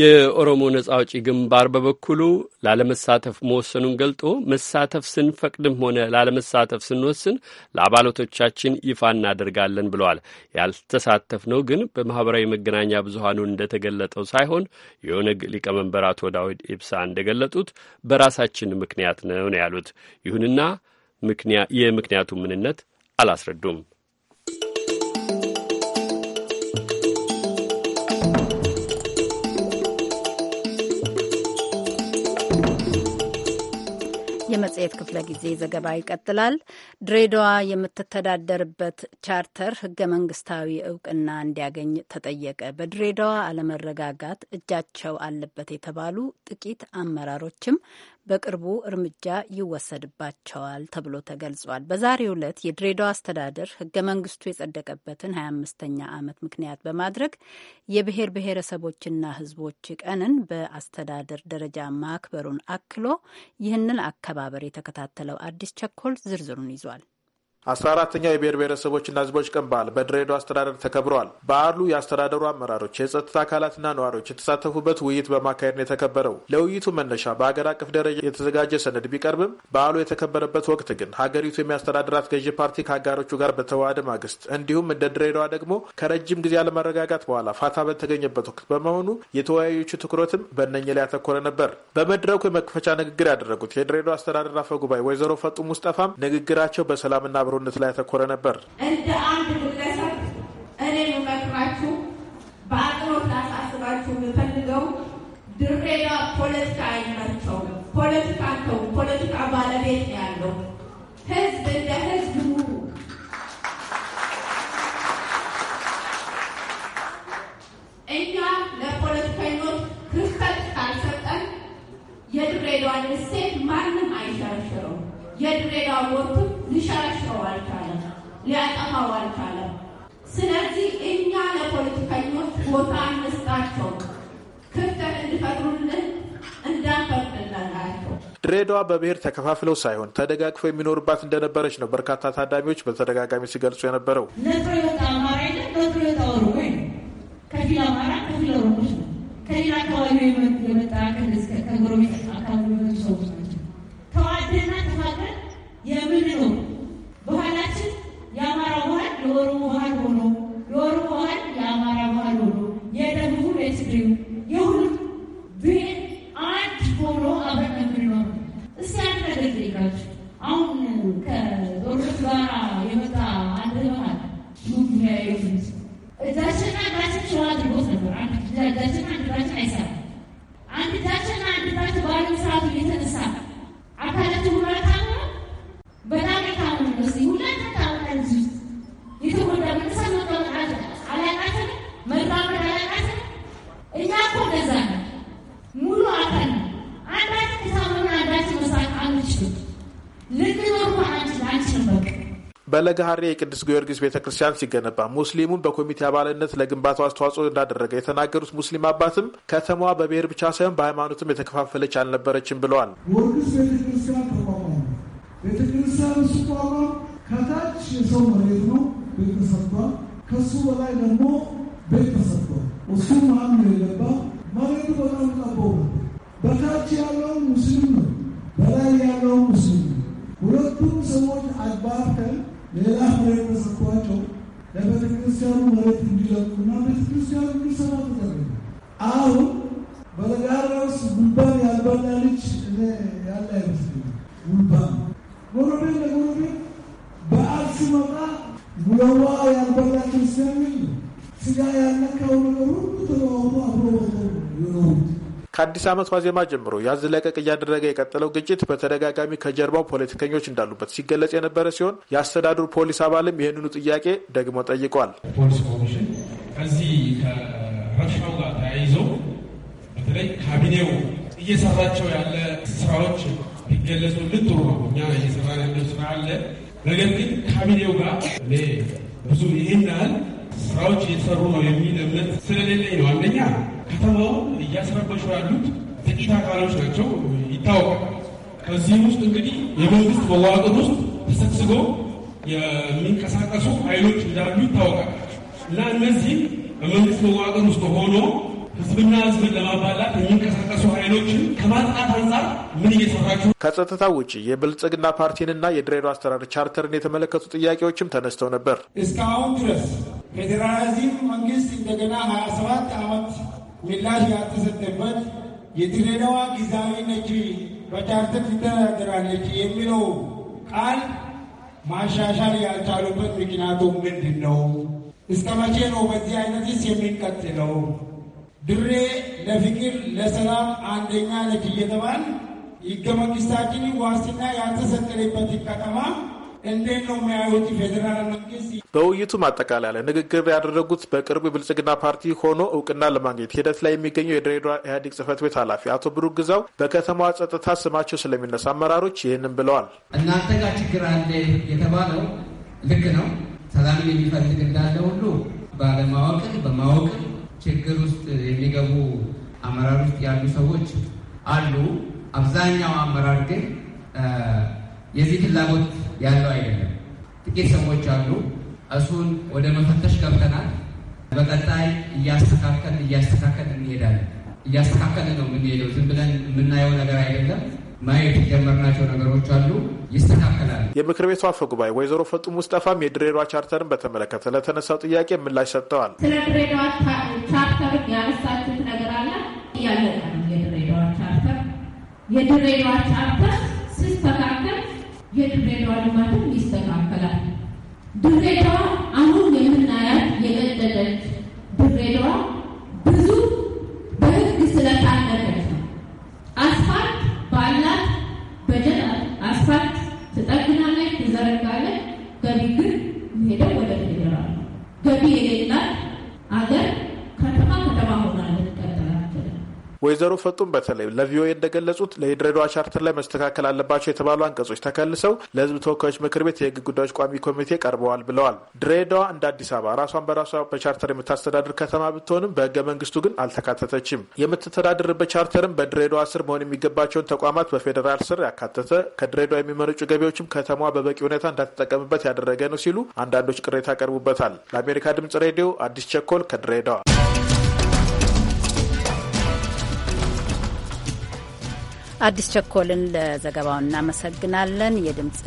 የኦሮሞ ነጻ አውጪ ግንባር በበኩሉ ላለመሳተፍ መወሰኑን ገልጦ መሳተፍ ስንፈቅድም ሆነ ላለመሳተፍ ስንወስን ለአባላቶቻችን ይፋ እናደርጋለን ብለዋል። ያልተሳተፍነው ግን በማኅበራዊ መገናኛ ብዙኃኑን እንደተገለጠው ሳይሆን የኦነግ ሊቀመንበር አቶ ዳዊድ ኢብሳ እንደገለጡት በራሳችን ምክንያት ነው ነው ያሉት። ይሁንና የምክንያቱ ምንነት አላስረዱም። የመጽሔት ክፍለ ጊዜ ዘገባ ይቀጥላል። ድሬዳዋ የምትተዳደርበት ቻርተር ህገ መንግስታዊ እውቅና እንዲያገኝ ተጠየቀ። በድሬዳዋ አለመረጋጋት እጃቸው አለበት የተባሉ ጥቂት አመራሮችም በቅርቡ እርምጃ ይወሰድባቸዋል ተብሎ ተገልጿል። በዛሬው ዕለት የድሬዳዋ አስተዳደር ህገ መንግስቱ የጸደቀበትን 25ኛ ዓመት ምክንያት በማድረግ የብሔር ብሔረሰቦችና ህዝቦች ቀንን በአስተዳደር ደረጃ ማክበሩን አክሎ ይህንን አከባበር የተከታተለው አዲስ ቸኮል ዝርዝሩን ይዟል። አስራ አራተኛው የብሔር ብሔረሰቦችና ህዝቦች ቀን በዓል በድሬዳዋ አስተዳደር ተከብረዋል። በዓሉ የአስተዳደሩ አመራሮች፣ የጸጥታ አካላትና ነዋሪዎች የተሳተፉበት ውይይት በማካሄድ ነው የተከበረው። ለውይይቱ መነሻ በሀገር አቀፍ ደረጃ የተዘጋጀ ሰነድ ቢቀርብም በዓሉ የተከበረበት ወቅት ግን ሀገሪቱ የሚያስተዳድራት ገዢ ፓርቲ ከአጋሮቹ ጋር በተዋሃደ ማግስት እንዲሁም እንደ ድሬዳዋ ደግሞ ከረጅም ጊዜ አለመረጋጋት በኋላ ፋታ በተገኘበት ወቅት በመሆኑ የተወያዮቹ ትኩረትም በነኝ ላይ ያተኮረ ነበር። በመድረኩ የመክፈቻ ንግግር ያደረጉት የድሬዳዋ አስተዳደር አፈ ጉባኤ ወይዘሮ ፈጡ ሙስጠፋም ንግግራቸው በሰላምና አብሮነት ላይ ያተኮረ ነበር። እንደ አንድ ግለሰብ እኔ የምመክራችሁ በአቅኖት ላሳስባችሁ የምፈልገው ድሬዳ ፖለቲካ አይመቸው። ፖለቲካ ተው፣ ፖለቲካ ባለቤት ያለው ህዝብ እንደ ህዝብ ኑሩ። እኛ ለፖለቲከኞች ክፍተት ካልሰጠን የድሬዳዋን እሴት ማንም አይሸረሽረው። የድሬዳ ወቅትም ሊሸረሽረው አልቻለም፣ ሊያጠፋው አልቻለም። ስለዚህ እኛ ለፖለቲከኞች ቦታ እንስጣቸው፣ ክፍተት እንዲፈጥሩልን ድሬዳዋ በብሔር ተከፋፍለው ሳይሆን ተደጋግፈው የሚኖርባት እንደነበረች ነው በርካታ ታዳሚዎች በተደጋጋሚ ሲገልጹ የነበረው። ነጥሮ አማራ ከፊል አማራ ከፊል ኦሮሞች ነው። ከሌላ አካባቢ የመጣ ከጎረቤት አካባቢ ሰዎች ናቸው ተዋደና የምንኖር ባህላችን የአማራ ባህል የኦሮሞ ባህል ሆኖ የኦሮሞ ባህል የአማራ ባህል ሆኖ የደቡቡ የትግሬው የሁሉም ብሔር አንድ ሆኖ አብረን የምንኖር እስኪ አንድ ነገር ጠይቃችሁ አሁን ከጦርነት ጋር የመጣ አንድ ባህል ሉያ የሉት እጃችንና ሸዋ አድርጎት ነበር አንድ እጃችን ለገሀሬ የቅዱስ ጊዮርጊስ ቤተ ክርስቲያን ሲገነባ ሙስሊሙን በኮሚቴ አባልነት ለግንባታው አስተዋጽኦ እንዳደረገ የተናገሩት ሙስሊም አባትም ከተማዋ በብሔር ብቻ ሳይሆን በሃይማኖትም የተከፋፈለች አልነበረችም ብለዋል። ጊዮርጊስ ቤተክርስቲያን ተቋቋመ። ሲቋቋም ከታች የሰው መሬት ነው ቤት ተሰጥቷል። ከሱ በላይ ደግሞ ቤት ተሰጥቷል። እሱ የገባ መሬቱ በጣም ጠበው በታች ያለው ሙስሊም ነው፣ በላይ ያለው ሙስሊም ነው። ሁለቱም ሰዎች አግባብተን ሌላ የመሰኳቸው ለቤተክርስቲያኑ መሬት እንዲለቁና ቤተክርስቲያኑ እንዲሰራ ተደረገ። አሁን በለጋራውስ ጉልባን ያልበላ ልጅ ያለ አይመስለኝ። ጉልባን ጎረቤት ለጎረቤት በዓል ሲመጣ ሙለዋ ያልበላ ክርስቲያን ስጋ ያልነካው ነገር ሁሉ ተለዋውቶ አብሮ ይኖሩት ከአዲስ ዓመት ዋዜማ ጀምሮ ያዝ ለቀቅ እያደረገ የቀጠለው ግጭት በተደጋጋሚ ከጀርባው ፖለቲከኞች እንዳሉበት ሲገለጽ የነበረ ሲሆን የአስተዳደሩ ፖሊስ አባልም ይህንኑ ጥያቄ ደግሞ ጠይቋል። ፖሊስ ኮሚሽን ከዚህ ከረሻው ጋር ተያይዞ በተለይ ካቢኔው እየሰራቸው ያለ ስራዎች ቢገለጹ ልጥሩ ነው። እኛ እየሰራ ያለው ስራ አለ። ነገር ግን ካቢኔው ጋር ብዙ ይህን ያህል ስራዎች እየተሰሩ ነው የሚል እምነት ስለሌለኝ ነው አንደኛ ከተማውን እያስረበሹ ያሉት ጥቂት አካሎች ናቸው ይታወቃል። ከዚህ ውስጥ እንግዲህ የመንግስት መዋቅር ውስጥ ተሰግስጎ የሚንቀሳቀሱ ኃይሎች እንዳሉ ይታወቃል እና እነዚህ በመንግስት መዋቅር ውስጥ ሆኖ ህዝብና ህዝብን ለማባላት የሚንቀሳቀሱ ኃይሎችን ከማጥቃት አንጻር ምን እየሰራችሁ? ከጸጥታ ውጭ የብልጽግና ፓርቲንና የድሬዳዋ አስተዳደር ቻርተርን የተመለከቱ ጥያቄዎችም ተነስተው ነበር። እስካሁን ድረስ ፌዴራሊዝም መንግስት እንደገና 27 ዓመት ምላሽ ያልተሰጠበት የድሬዳዋ ጊዜያዊ ነች በቻርተር ትተዳደራለች የሚለው ቃል ማሻሻል ያልቻሉበት ምክንያቱ ምንድን ነው? እስከ መቼ ነው በዚህ አይነትስ የሚቀጥለው? ድሬ ለፍቅር ለሰላም አንደኛ ነች እየተባል ህገ መንግስታችን ዋስትና ያልተሰጠለበት ከተማ እንዴት ነው የሚያዩት ፌዴራል መንግስት? በውይይቱ ማጠቃለያ ላይ ንግግር ያደረጉት በቅርቡ የብልጽግና ፓርቲ ሆኖ እውቅና ለማግኘት ሂደት ላይ የሚገኘው የድሬዳዋ ኢህአዴግ ጽህፈት ቤት ኃላፊ አቶ ብሩክ ግዛው በከተማዋ ጸጥታ ስማቸው ስለሚነሳ አመራሮች ይህንን ብለዋል። እናንተ ጋር ችግር አለ የተባለው ልክ ነው። ሰላምን የሚፈልግ እንዳለ ሁሉ ባለማወቅን በማወቅ ችግር ውስጥ የሚገቡ አመራር ውስጥ ያሉ ሰዎች አሉ። አብዛኛው አመራር ግን የዚህ ፍላጎት ያለው አይደለም። ጥቂት ሰዎች አሉ። እሱን ወደ መፈተሽ ገብተናል። በቀጣይ እያስተካከል እያስተካከል እንሄዳለን። እያስተካከል ነው የምንሄደው። ዝም ብለን የምናየው ነገር አይደለም። ማየት የጀመርናቸው ነገሮች አሉ፣ ይስተካከላል። የምክር ቤቱ አፈ ጉባኤ ወይዘሮ ፈጡ ሙስጠፋም የድሬዳዋ ቻርተርን በተመለከተ ለተነሳው ጥያቄ ምላሽ ሰጥተዋል። ስለ ድሬዳዋ ቻርተር ያነሳችሁት ነገር አለ እያለ የድሬዳዋ ቻርተር የድሬዳዋ ቻርተር የድሬዳዋ ልማትም ይስተካከላል። ድሬዳዋ አልተፈቱም። በተለይ ለቪኦኤ እንደገለጹት የድሬዳዋ ቻርተር ላይ መስተካከል አለባቸው የተባሉ አንቀጾች ተከልሰው ለህዝብ ተወካዮች ምክር ቤት የህግ ጉዳዮች ቋሚ ኮሚቴ ቀርበዋል ብለዋል። ድሬዳዋ እንደ አዲስ አበባ ራሷን በራሷ በቻርተር የምታስተዳድር ከተማ ብትሆንም በህገ መንግስቱ ግን አልተካተተችም። የምትተዳድርበት ቻርተርም በድሬዳዋ ስር መሆን የሚገባቸውን ተቋማት በፌዴራል ስር ያካተተ፣ ከድሬዳዋ የሚመነጩ ገቢዎችም ከተማዋ በበቂ ሁኔታ እንዳትጠቀምበት ያደረገ ነው ሲሉ አንዳንዶች ቅሬታ ያቀርቡበታል። ለአሜሪካ ድምጽ ሬዲዮ አዲስ ቸኮል ከድሬዳዋ አዲስ ቸኮልን ለዘገባው እናመሰግናለን። የድምፅ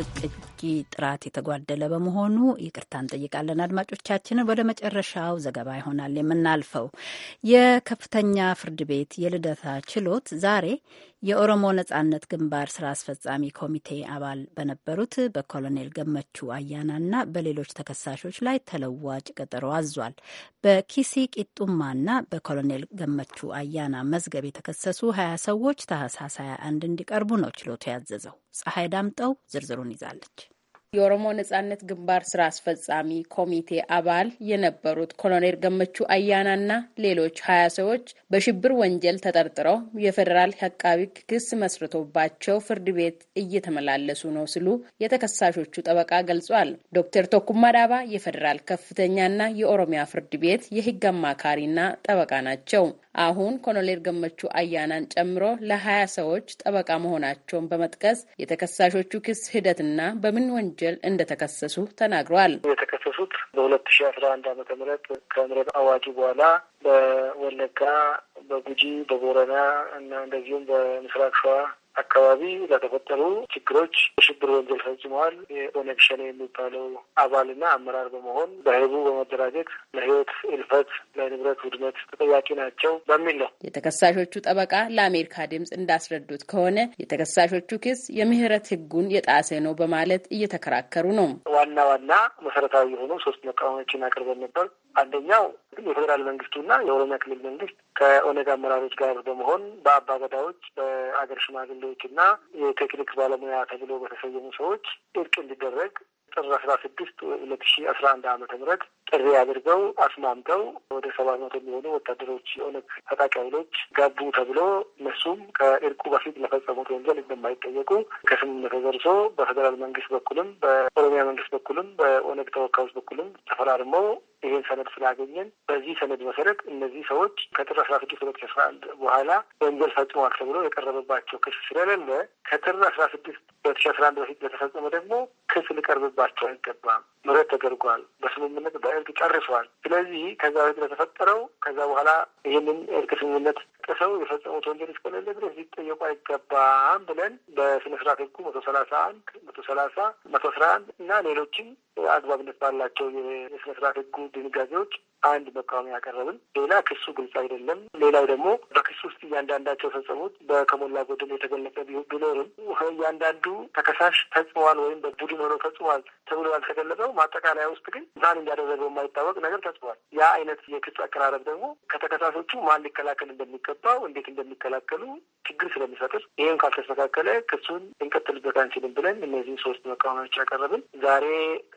በውስኪ ጥራት የተጓደለ በመሆኑ ይቅርታ እንጠይቃለን። አድማጮቻችንን ወደ መጨረሻው ዘገባ ይሆናል የምናልፈው። የከፍተኛ ፍርድ ቤት የልደታ ችሎት ዛሬ የኦሮሞ ነጻነት ግንባር ስራ አስፈጻሚ ኮሚቴ አባል በነበሩት በኮሎኔል ገመቹ አያናና በሌሎች ተከሳሾች ላይ ተለዋጭ ቀጠሮ አዟል። በኪሲ ቂጡማና በኮሎኔል ገመቹ አያና መዝገብ የተከሰሱ ሀያ ሰዎች ታህሳስ 21 እንዲቀርቡ ነው ችሎቱ ያዘዘው። ፀሐይ ዳምጠው ዝርዝሩን ይዛለች። የኦሮሞ ነጻነት ግንባር ስራ አስፈጻሚ ኮሚቴ አባል የነበሩት ኮሎኔል ገመቹ አያናና ሌሎች ሀያ ሰዎች በሽብር ወንጀል ተጠርጥረው የፌዴራል አቃቢ ክስ መስርቶባቸው ፍርድ ቤት እየተመላለሱ ነው ሲሉ የተከሳሾቹ ጠበቃ ገልጿል። ዶክተር ቶኩማ ዳባ የፌዴራል ከፍተኛና የኦሮሚያ ፍርድ ቤት የህግ አማካሪና ጠበቃ ናቸው። አሁን ኮሎኔል ገመቹ አያናን ጨምሮ ለሀያ ሰዎች ጠበቃ መሆናቸውን በመጥቀስ የተከሳሾቹ ክስ ሂደትና በምን ወንጀል እንደተከሰሱ ተናግረዋል። የተከሰሱት በሁለት ሺ አስራ አንድ አመተ ምህረት ከምሕረት አዋጁ በኋላ በወለጋ፣ በጉጂ፣ በቦረና እና እንደዚሁም በምስራቅ ሸዋ አካባቢ ለተፈጠሩ ችግሮች የሽብር ወንጀል ፈጽመዋል። የኦነግ ሸኔ የሚባለው አባልና አመራር በመሆን በህቡ በመደራጀት ለህይወት እልፈት፣ ለንብረት ውድመት ተጠያቂ ናቸው በሚል ነው። የተከሳሾቹ ጠበቃ ለአሜሪካ ድምፅ እንዳስረዱት ከሆነ የተከሳሾቹ ክስ የምህረት ህጉን የጣሰ ነው በማለት እየተከራከሩ ነው። ዋና ዋና መሰረታዊ የሆኑ ሶስት መቃወሞችን አቅርበን ነበር። አንደኛው የፌዴራል መንግስቱና የኦሮሚያ ክልል መንግስት ከኦነግ አመራሮች ጋር በመሆን በአባገዳዎች በአገር ሽማግሌዎች የቴክኒክ ባለሙያ ተብሎ በተሰየሙ ሰዎች እርቅ እንዲደረግ ጥር አስራ ስድስት ሁለት ሺ አስራ አንድ አመተ ምህረት ጥሪ አድርገው አስማምተው ወደ ሰባት መቶ የሚሆኑ ወታደሮች የኦነግ ታጣቂ ኃይሎች ጋቡ ተብሎ እነሱም ከእርቁ በፊት ለፈጸሙት ወንጀል እንደማይጠየቁ ከስምምነት ተደርሶ በፌዴራል መንግስት በኩልም በኦሮሚያ መንግስት በኩልም በኦነግ ተወካዮች በኩልም ተፈራርመው ይህን ሰነድ ስላገኘን በዚህ ሰነድ መሰረት እነዚህ ሰዎች ከጥር አስራ ስድስት ሁለት ሺ አስራ አንድ በኋላ ወንጀል ፈጽሟል ተብሎ የቀረበባቸው ክስ ስለሌለ ከጥር አስራ ስድስት ሁለት ሺ አስራ አንድ በፊት ለተፈጸመ ደግሞ ክስ ልቀርብ ሊደርስባቸው አይገባም። ምህረት ተደርጓል። በስምምነት በእርቅ ጨርሷል። ስለዚህ ከዛ በፊት ለተፈጠረው ከዛ በኋላ ይህንን እርቅ ስምምነት ጥሰው የፈጸሙት ወንጀል እስከሌለ ድረስ ሊጠየቁ አይገባም ብለን በስነ ስርዓት ህጉ መቶ ሰላሳ አንድ መቶ ሰላሳ መቶ አስራ አንድ እና ሌሎችም አግባብነት ባላቸው የስነ ስርዓት ህጉ ድንጋጌዎች አንድ መቃወሚያ ያቀረብን። ሌላ ክሱ ግልጽ አይደለም። ሌላው ደግሞ በክስ እያንዳንዳቸው ፈጸሙት በከሞላ ጎደል የተገለጸ ቢኖርም እያንዳንዱ ተከሳሽ ፈጽመዋል ወይም በቡድን ሆነው ፈጽመዋል ተብሎ ያልተገለጸው ማጠቃለያ ውስጥ ግን ማን እንዳደረገው የማይታወቅ ነገር ፈጽሟል። ያ አይነት የክስ አቀራረብ ደግሞ ከተከሳሾቹ ማን ሊከላከል እንደሚገባው እንዴት እንደሚከላከሉ ችግር ስለሚፈጥር ይህም ካልተስተካከለ ክሱን እንቀጥልበት አንችልም ብለን እነዚህ ሶስት መቃወሚያዎች ያቀረብን ዛሬ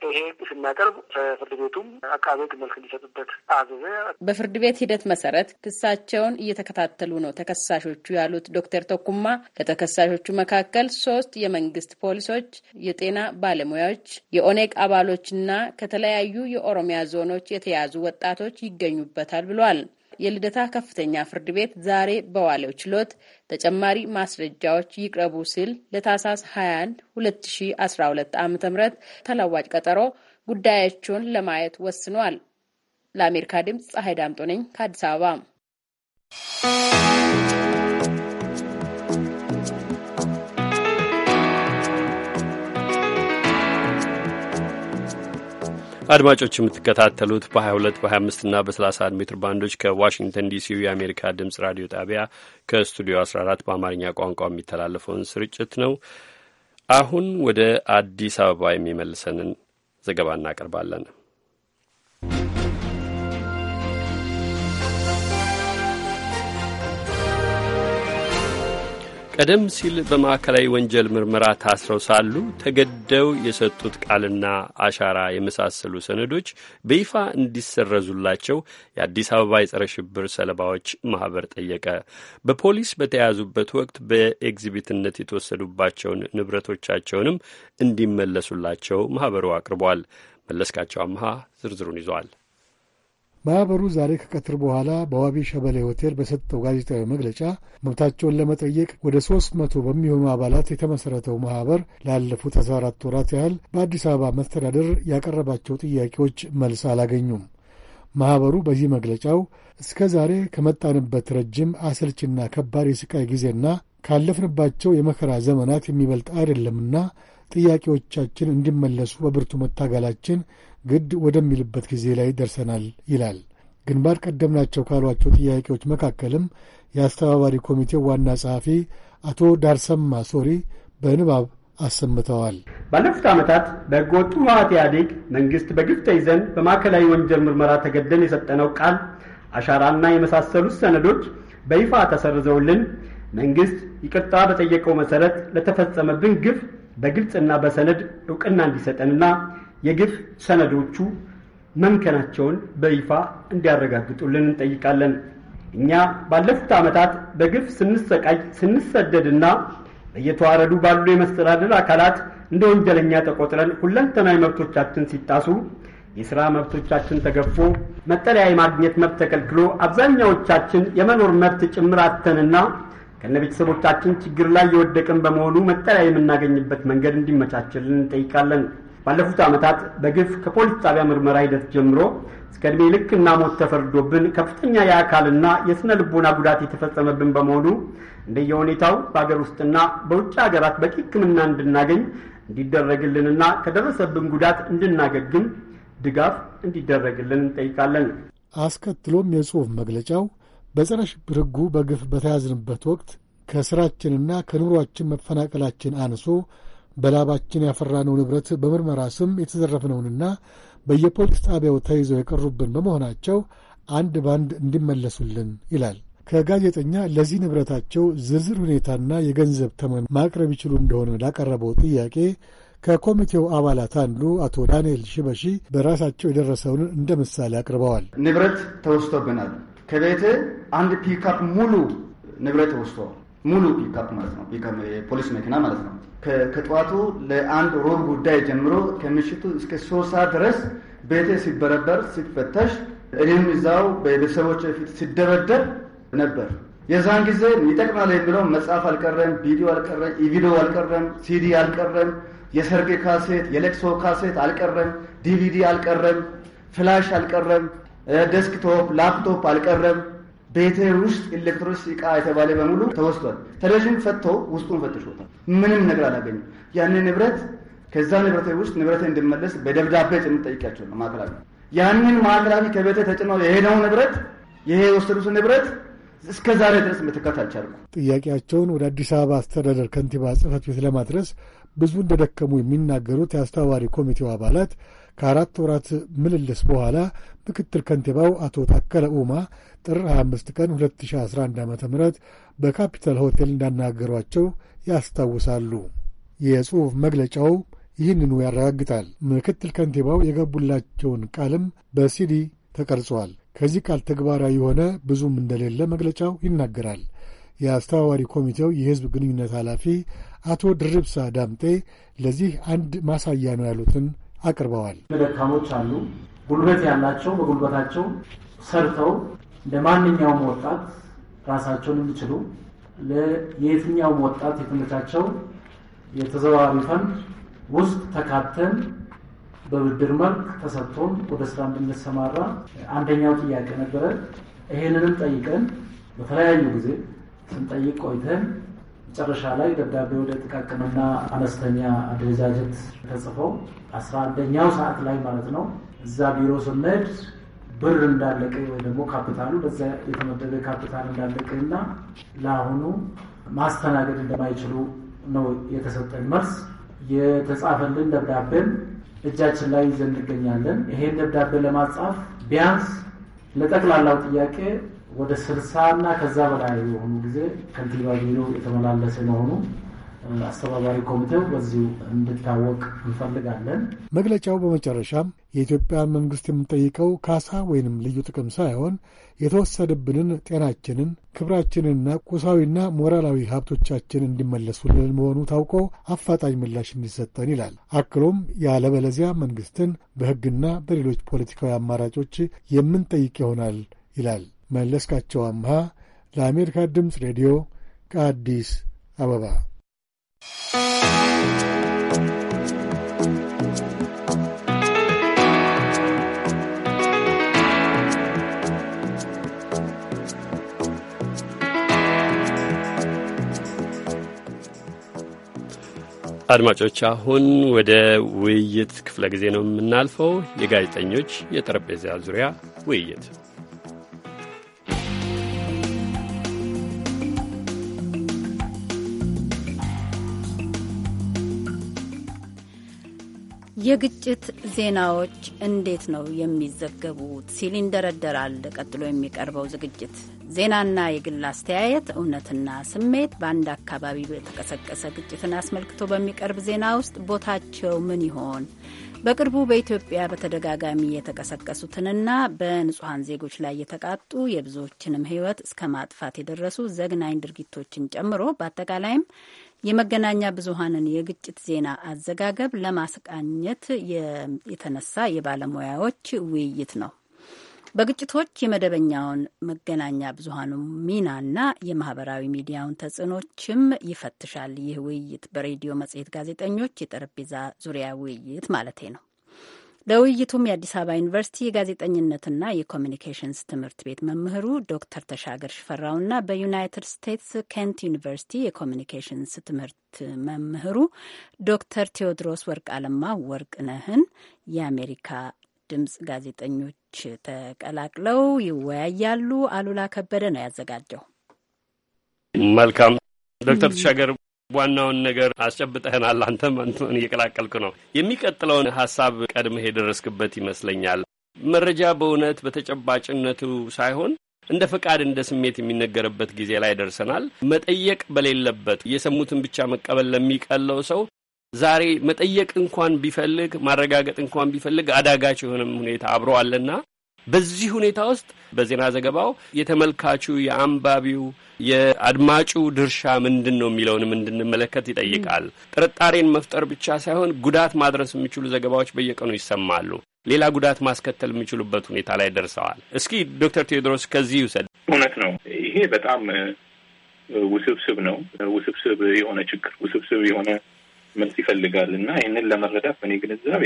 ይሄ ስናቀርብ ፍርድ ቤቱም አቃቤ መልክ እንዲሰጥበት አዘዘ። በፍርድ ቤት ሂደት መሰረት ክሳቸውን እየተከታተሉ ነው ተከሳሾቹ ያሉት ዶክተር ተኩማ ከተከሳሾቹ መካከል ሶስት የመንግስት ፖሊሶች፣ የጤና ባለሙያዎች፣ የኦኔግ አባሎችና ከተለያዩ የኦሮሚያ ዞኖች የተያዙ ወጣቶች ይገኙበታል ብሏል። የልደታ ከፍተኛ ፍርድ ቤት ዛሬ በዋለው ችሎት ተጨማሪ ማስረጃዎች ይቅረቡ ሲል ለታህሳስ 21 2012 ዓ ም ተለዋጭ ቀጠሮ ጉዳያቸውን ለማየት ወስኗል። ለአሜሪካ ድምፅ ፀሐይ ዳምጦ ነኝ ከአዲስ አበባ። አድማጮች የምትከታተሉት በ22 በ25 እና በ31 ሜትር ባንዶች ከዋሽንግተን ዲሲ የአሜሪካ ድምፅ ራዲዮ ጣቢያ ከስቱዲዮ 14 በአማርኛ ቋንቋ የሚተላለፈውን ስርጭት ነው። አሁን ወደ አዲስ አበባ የሚመልሰንን ዘገባ እናቀርባለን። ቀደም ሲል በማዕከላዊ ወንጀል ምርመራ ታስረው ሳሉ ተገደው የሰጡት ቃልና አሻራ የመሳሰሉ ሰነዶች በይፋ እንዲሰረዙላቸው የአዲስ አበባ የጸረ ሽብር ሰለባዎች ማህበር ጠየቀ። በፖሊስ በተያዙበት ወቅት በኤግዚቢትነት የተወሰዱባቸውን ንብረቶቻቸውንም እንዲመለሱላቸው ማህበሩ አቅርቧል። መለስካቸው አምሃ ዝርዝሩን ይዟል። ማኅበሩ ዛሬ ከቀትር በኋላ በዋቢ ሸበሌ ሆቴል በሰጠው ጋዜጣዊ መግለጫ መብታቸውን ለመጠየቅ ወደ ሦስት መቶ በሚሆኑ አባላት የተመሠረተው ማኅበር ላለፉት አስራ አራት ወራት ያህል በአዲስ አበባ መስተዳደር ያቀረባቸው ጥያቄዎች መልስ አላገኙም። ማኅበሩ በዚህ መግለጫው እስከ ዛሬ ከመጣንበት ረጅም አሰልችና ከባድ የሥቃይ ጊዜና ካለፍንባቸው የመከራ ዘመናት የሚበልጥ አይደለምና ጥያቄዎቻችን እንዲመለሱ በብርቱ መታገላችን ግድ ወደሚልበት ጊዜ ላይ ደርሰናል ይላል። ግንባር ቀደም ናቸው ካሏቸው ጥያቄዎች መካከልም የአስተባባሪ ኮሚቴው ዋና ጸሐፊ አቶ ዳርሰማ ሶሪ በንባብ አሰምተዋል። ባለፉት ዓመታት በሕገወጡ ህወሓት ኢህአዴግ መንግሥት በግፍ ተይዘን በማዕከላዊ ወንጀል ምርመራ ተገደን የሰጠነው ቃል አሻራና የመሳሰሉት ሰነዶች በይፋ ተሰርዘውልን መንግሥት ይቅርታ በጠየቀው መሠረት ለተፈጸመብን ግፍ በግልጽና በሰነድ ዕውቅና እንዲሰጠንና የግፍ ሰነዶቹ መምከናቸውን በይፋ እንዲያረጋግጡልን እንጠይቃለን። እኛ ባለፉት ዓመታት በግፍ ስንሰቃይ ስንሰደድና በየተዋረዱ ባሉ የመስተዳደር አካላት እንደ ወንጀለኛ ተቆጥረን ሁለንተናዊ መብቶቻችን ሲጣሱ የሥራ መብቶቻችን ተገፎ መጠለያ የማግኘት መብት ተከልክሎ አብዛኛዎቻችን የመኖር መብት ጭምር አተንና ከነቤተሰቦቻችን ችግር ላይ የወደቅን በመሆኑ መጠለያ የምናገኝበት መንገድ እንዲመቻችልን እንጠይቃለን። ባለፉት ዓመታት በግፍ ከፖሊስ ጣቢያ ምርመራ ሂደት ጀምሮ እስከ ዕድሜ ልክና ሞት ተፈርዶብን ከፍተኛ የአካልና የሥነ ልቦና ጉዳት የተፈጸመብን በመሆኑ እንደየሁኔታው በአገር ውስጥና በውጭ ሀገራት በቂ ሕክምና እንድናገኝ እንዲደረግልንና ከደረሰብን ጉዳት እንድናገግም ድጋፍ እንዲደረግልን እንጠይቃለን። አስከትሎም የጽሑፍ መግለጫው በጸረ ሽብር ሕጉ በግፍ በተያዝንበት ወቅት ከስራችንና ከኑሯችን መፈናቀላችን አንሶ በላባችን ያፈራነው ንብረት በምርመራ ስም የተዘረፍነውንና በየፖሊስ ጣቢያው ተይዘው የቀሩብን በመሆናቸው አንድ ባንድ እንዲመለሱልን ይላል። ከጋዜጠኛ ለዚህ ንብረታቸው ዝርዝር ሁኔታና የገንዘብ ተመን ማቅረብ ይችሉ እንደሆነ ላቀረበው ጥያቄ ከኮሚቴው አባላት አንዱ አቶ ዳንኤል ሽበሺ በራሳቸው የደረሰውን እንደ ምሳሌ አቅርበዋል። ንብረት ተወስቶብናል። ከቤት አንድ ፒካፕ ሙሉ ንብረት ተወስቶ ሙሉ ፒካፕ ማለት ነው፣ ፖሊስ መኪና ማለት ነው። ከጠዋቱ ለአንድ ሩብ ጉዳይ ጀምሮ ከምሽቱ እስከ ሶስት ሰዓት ድረስ ቤቴ ሲበረበር ሲፈተሽ፣ እኔም እዛው በቤተሰቦች ፊት ሲደበደብ ነበር። የዛን ጊዜ ይጠቅማል የሚለው መጽሐፍ አልቀረም፣ ቪዲዮ አልቀረም፣ ኢቪዲዮ አልቀረም፣ ሲዲ አልቀረም፣ የሰርግ ካሴት፣ የለቅሶ ካሴት አልቀረም፣ ዲቪዲ አልቀረም፣ ፍላሽ አልቀረም፣ ዴስክቶፕ ላፕቶፕ አልቀረም። ቤት ውስጥ ኤሌክትሮኒክስ እቃ የተባለ በሙሉ ተወስዷል። ቴሌቪዥን ፈቶ ውስጡን ፈትሾታል። ምንም ነገር አላገኙም። ያንን ንብረት ከዛ ንብረት ውስጥ ንብረት እንድመለስ በደብዳቤ ጭምር ጠይቄያቸው ነው ማዕከላዊ ያንን ማዕከላዊ ከቤተ ተጭኖ የሄደው ንብረት ይሄ የወሰዱት ንብረት እስከ ዛሬ ድረስ መተካት አልቻልኩም። ጥያቄያቸውን ወደ አዲስ አበባ አስተዳደር ከንቲባ ጽህፈት ቤት ለማድረስ ብዙ እንደደከሙ የሚናገሩት የአስተባባሪ ኮሚቴው አባላት ከአራት ወራት ምልልስ በኋላ ምክትል ከንቲባው አቶ ታከለ ኡማ ጥር 25 ቀን 2011 ዓ ም በካፒታል ሆቴል እንዳናገሯቸው ያስታውሳሉ። የጽሑፍ መግለጫው ይህንኑ ያረጋግጣል። ምክትል ከንቲባው የገቡላቸውን ቃልም በሲዲ ተቀርጿል። ከዚህ ቃል ተግባራዊ የሆነ ብዙም እንደሌለ መግለጫው ይናገራል። የአስተባባሪ ኮሚቴው የሕዝብ ግንኙነት ኃላፊ አቶ ድርብሳ ዳምጤ ለዚህ አንድ ማሳያ ነው ያሉትን አቅርበዋል። ደካሞች አሉ፣ ጉልበት ያላቸው በጉልበታቸው ሰርተው ለማንኛውም ወጣት ራሳቸውን የሚችሉ የየትኛውም ወጣት የተመቻቸው የተዘዋዋሪ ፈንድ ውስጥ ተካተን በብድር መልክ ተሰጥቶን ወደ ስራ እንድንሰማራ አንደኛው ጥያቄ ነበረ። ይሄንንም ጠይቀን በተለያዩ ጊዜ ስንጠይቅ ቆይተን መጨረሻ ላይ ደብዳቤው ለጥቃቅንና አነስተኛ አደረጃጀት ተጽፈው አስራ አንደኛው ሰዓት ላይ ማለት ነው እዛ ቢሮ ስመድ ብር እንዳለቀ ወይ ደግሞ ካፒታሉ በዛ የተመደበ ካፒታል እንዳለቀ እና ለአሁኑ ማስተናገድ እንደማይችሉ ነው የተሰጠን መልስ። የተጻፈልን ደብዳቤም እጃችን ላይ ይዘን እንገኛለን። ይሄን ደብዳቤ ለማጻፍ ቢያንስ ለጠቅላላው ጥያቄ ወደ ስልሳ እና ከዛ በላይ የሆኑ ጊዜ ከንቲባ ቢሮ የተመላለሰ መሆኑ አስተባባሪ ኮሚቴው በዚሁ እንድታወቅ እንፈልጋለን። መግለጫው በመጨረሻም የኢትዮጵያን መንግስት የምንጠይቀው ካሳ ወይንም ልዩ ጥቅም ሳይሆን የተወሰደብንን ጤናችንን፣ ክብራችንንና ቁሳዊና ሞራላዊ ሀብቶቻችን እንዲመለሱልን መሆኑ ታውቆ አፋጣኝ ምላሽ እንዲሰጠን ይላል። አክሎም ያለበለዚያ መንግስትን በሕግና በሌሎች ፖለቲካዊ አማራጮች የምንጠይቅ ይሆናል ይላል። መለስካቸው አምሃ ለአሜሪካ ድምፅ ሬዲዮ ከአዲስ አበባ። አድማጮች አሁን ወደ ውይይት ክፍለ ጊዜ ነው የምናልፈው። የጋዜጠኞች የጠረጴዛ ዙሪያ ውይይት የግጭት ዜናዎች እንዴት ነው የሚዘገቡት? ሲል ይንደረደራል ቀጥሎ የሚቀርበው ዝግጅት። ዜናና የግል አስተያየት፣ እውነትና ስሜት በአንድ አካባቢ በተቀሰቀሰ ግጭትን አስመልክቶ በሚቀርብ ዜና ውስጥ ቦታቸው ምን ይሆን? በቅርቡ በኢትዮጵያ በተደጋጋሚ የተቀሰቀሱትንና በንጹሐን ዜጎች ላይ የተቃጡ የብዙዎችንም ሕይወት እስከ ማጥፋት የደረሱ ዘግናኝ ድርጊቶችን ጨምሮ በአጠቃላይም የመገናኛ ብዙሀንን የግጭት ዜና አዘጋገብ ለማስቃኘት የተነሳ የባለሙያዎች ውይይት ነው። በግጭቶች የመደበኛውን መገናኛ ብዙሀኑ ሚናና የማህበራዊ ሚዲያውን ተጽዕኖችም ይፈትሻል። ይህ ውይይት በሬዲዮ መጽሔት ጋዜጠኞች የጠረጴዛ ዙሪያ ውይይት ማለቴ ነው። ለውይይቱም የአዲስ አበባ ዩኒቨርሲቲ የጋዜጠኝነትና የኮሚኒኬሽንስ ትምህርት ቤት መምህሩ ዶክተር ተሻገር ሽፈራውና በዩናይትድ ስቴትስ ኬንት ዩኒቨርሲቲ የኮሚኒኬሽንስ ትምህርት መምህሩ ዶክተር ቴዎድሮስ ወርቅ አለማ ወርቅነህን የአሜሪካ ድምጽ ጋዜጠኞች እንግዶች ተቀላቅለው ይወያያሉ። አሉላ ከበደ ነው ያዘጋጀው። መልካም ዶክተር ተሻገር ዋናውን ነገር አስጨብጠህናል። አንተም አንተን እየቀላቀልኩ ነው። የሚቀጥለውን ሀሳብ ቀድመህ የደረስክበት ይመስለኛል። መረጃ በእውነት በተጨባጭነቱ ሳይሆን እንደ ፈቃድ እንደ ስሜት የሚነገርበት ጊዜ ላይ ደርሰናል። መጠየቅ በሌለበት የሰሙትን ብቻ መቀበል ለሚቀለው ሰው ዛሬ መጠየቅ እንኳን ቢፈልግ ማረጋገጥ እንኳን ቢፈልግ አዳጋች የሆነም ሁኔታ አብሮ አለና በዚህ ሁኔታ ውስጥ በዜና ዘገባው የተመልካቹ የአንባቢው የአድማጩ ድርሻ ምንድን ነው የሚለውንም እንድንመለከት ይጠይቃል። ጥርጣሬን መፍጠር ብቻ ሳይሆን ጉዳት ማድረስ የሚችሉ ዘገባዎች በየቀኑ ይሰማሉ። ሌላ ጉዳት ማስከተል የሚችሉበት ሁኔታ ላይ ደርሰዋል። እስኪ ዶክተር ቴዎድሮስ ከዚህ ይውሰድ። እውነት ነው። ይሄ በጣም ውስብስብ ነው። ውስብስብ የሆነ ችግር፣ ውስብስብ የሆነ መልስ ይፈልጋል እና ይህንን ለመረዳት በእኔ ግንዛቤ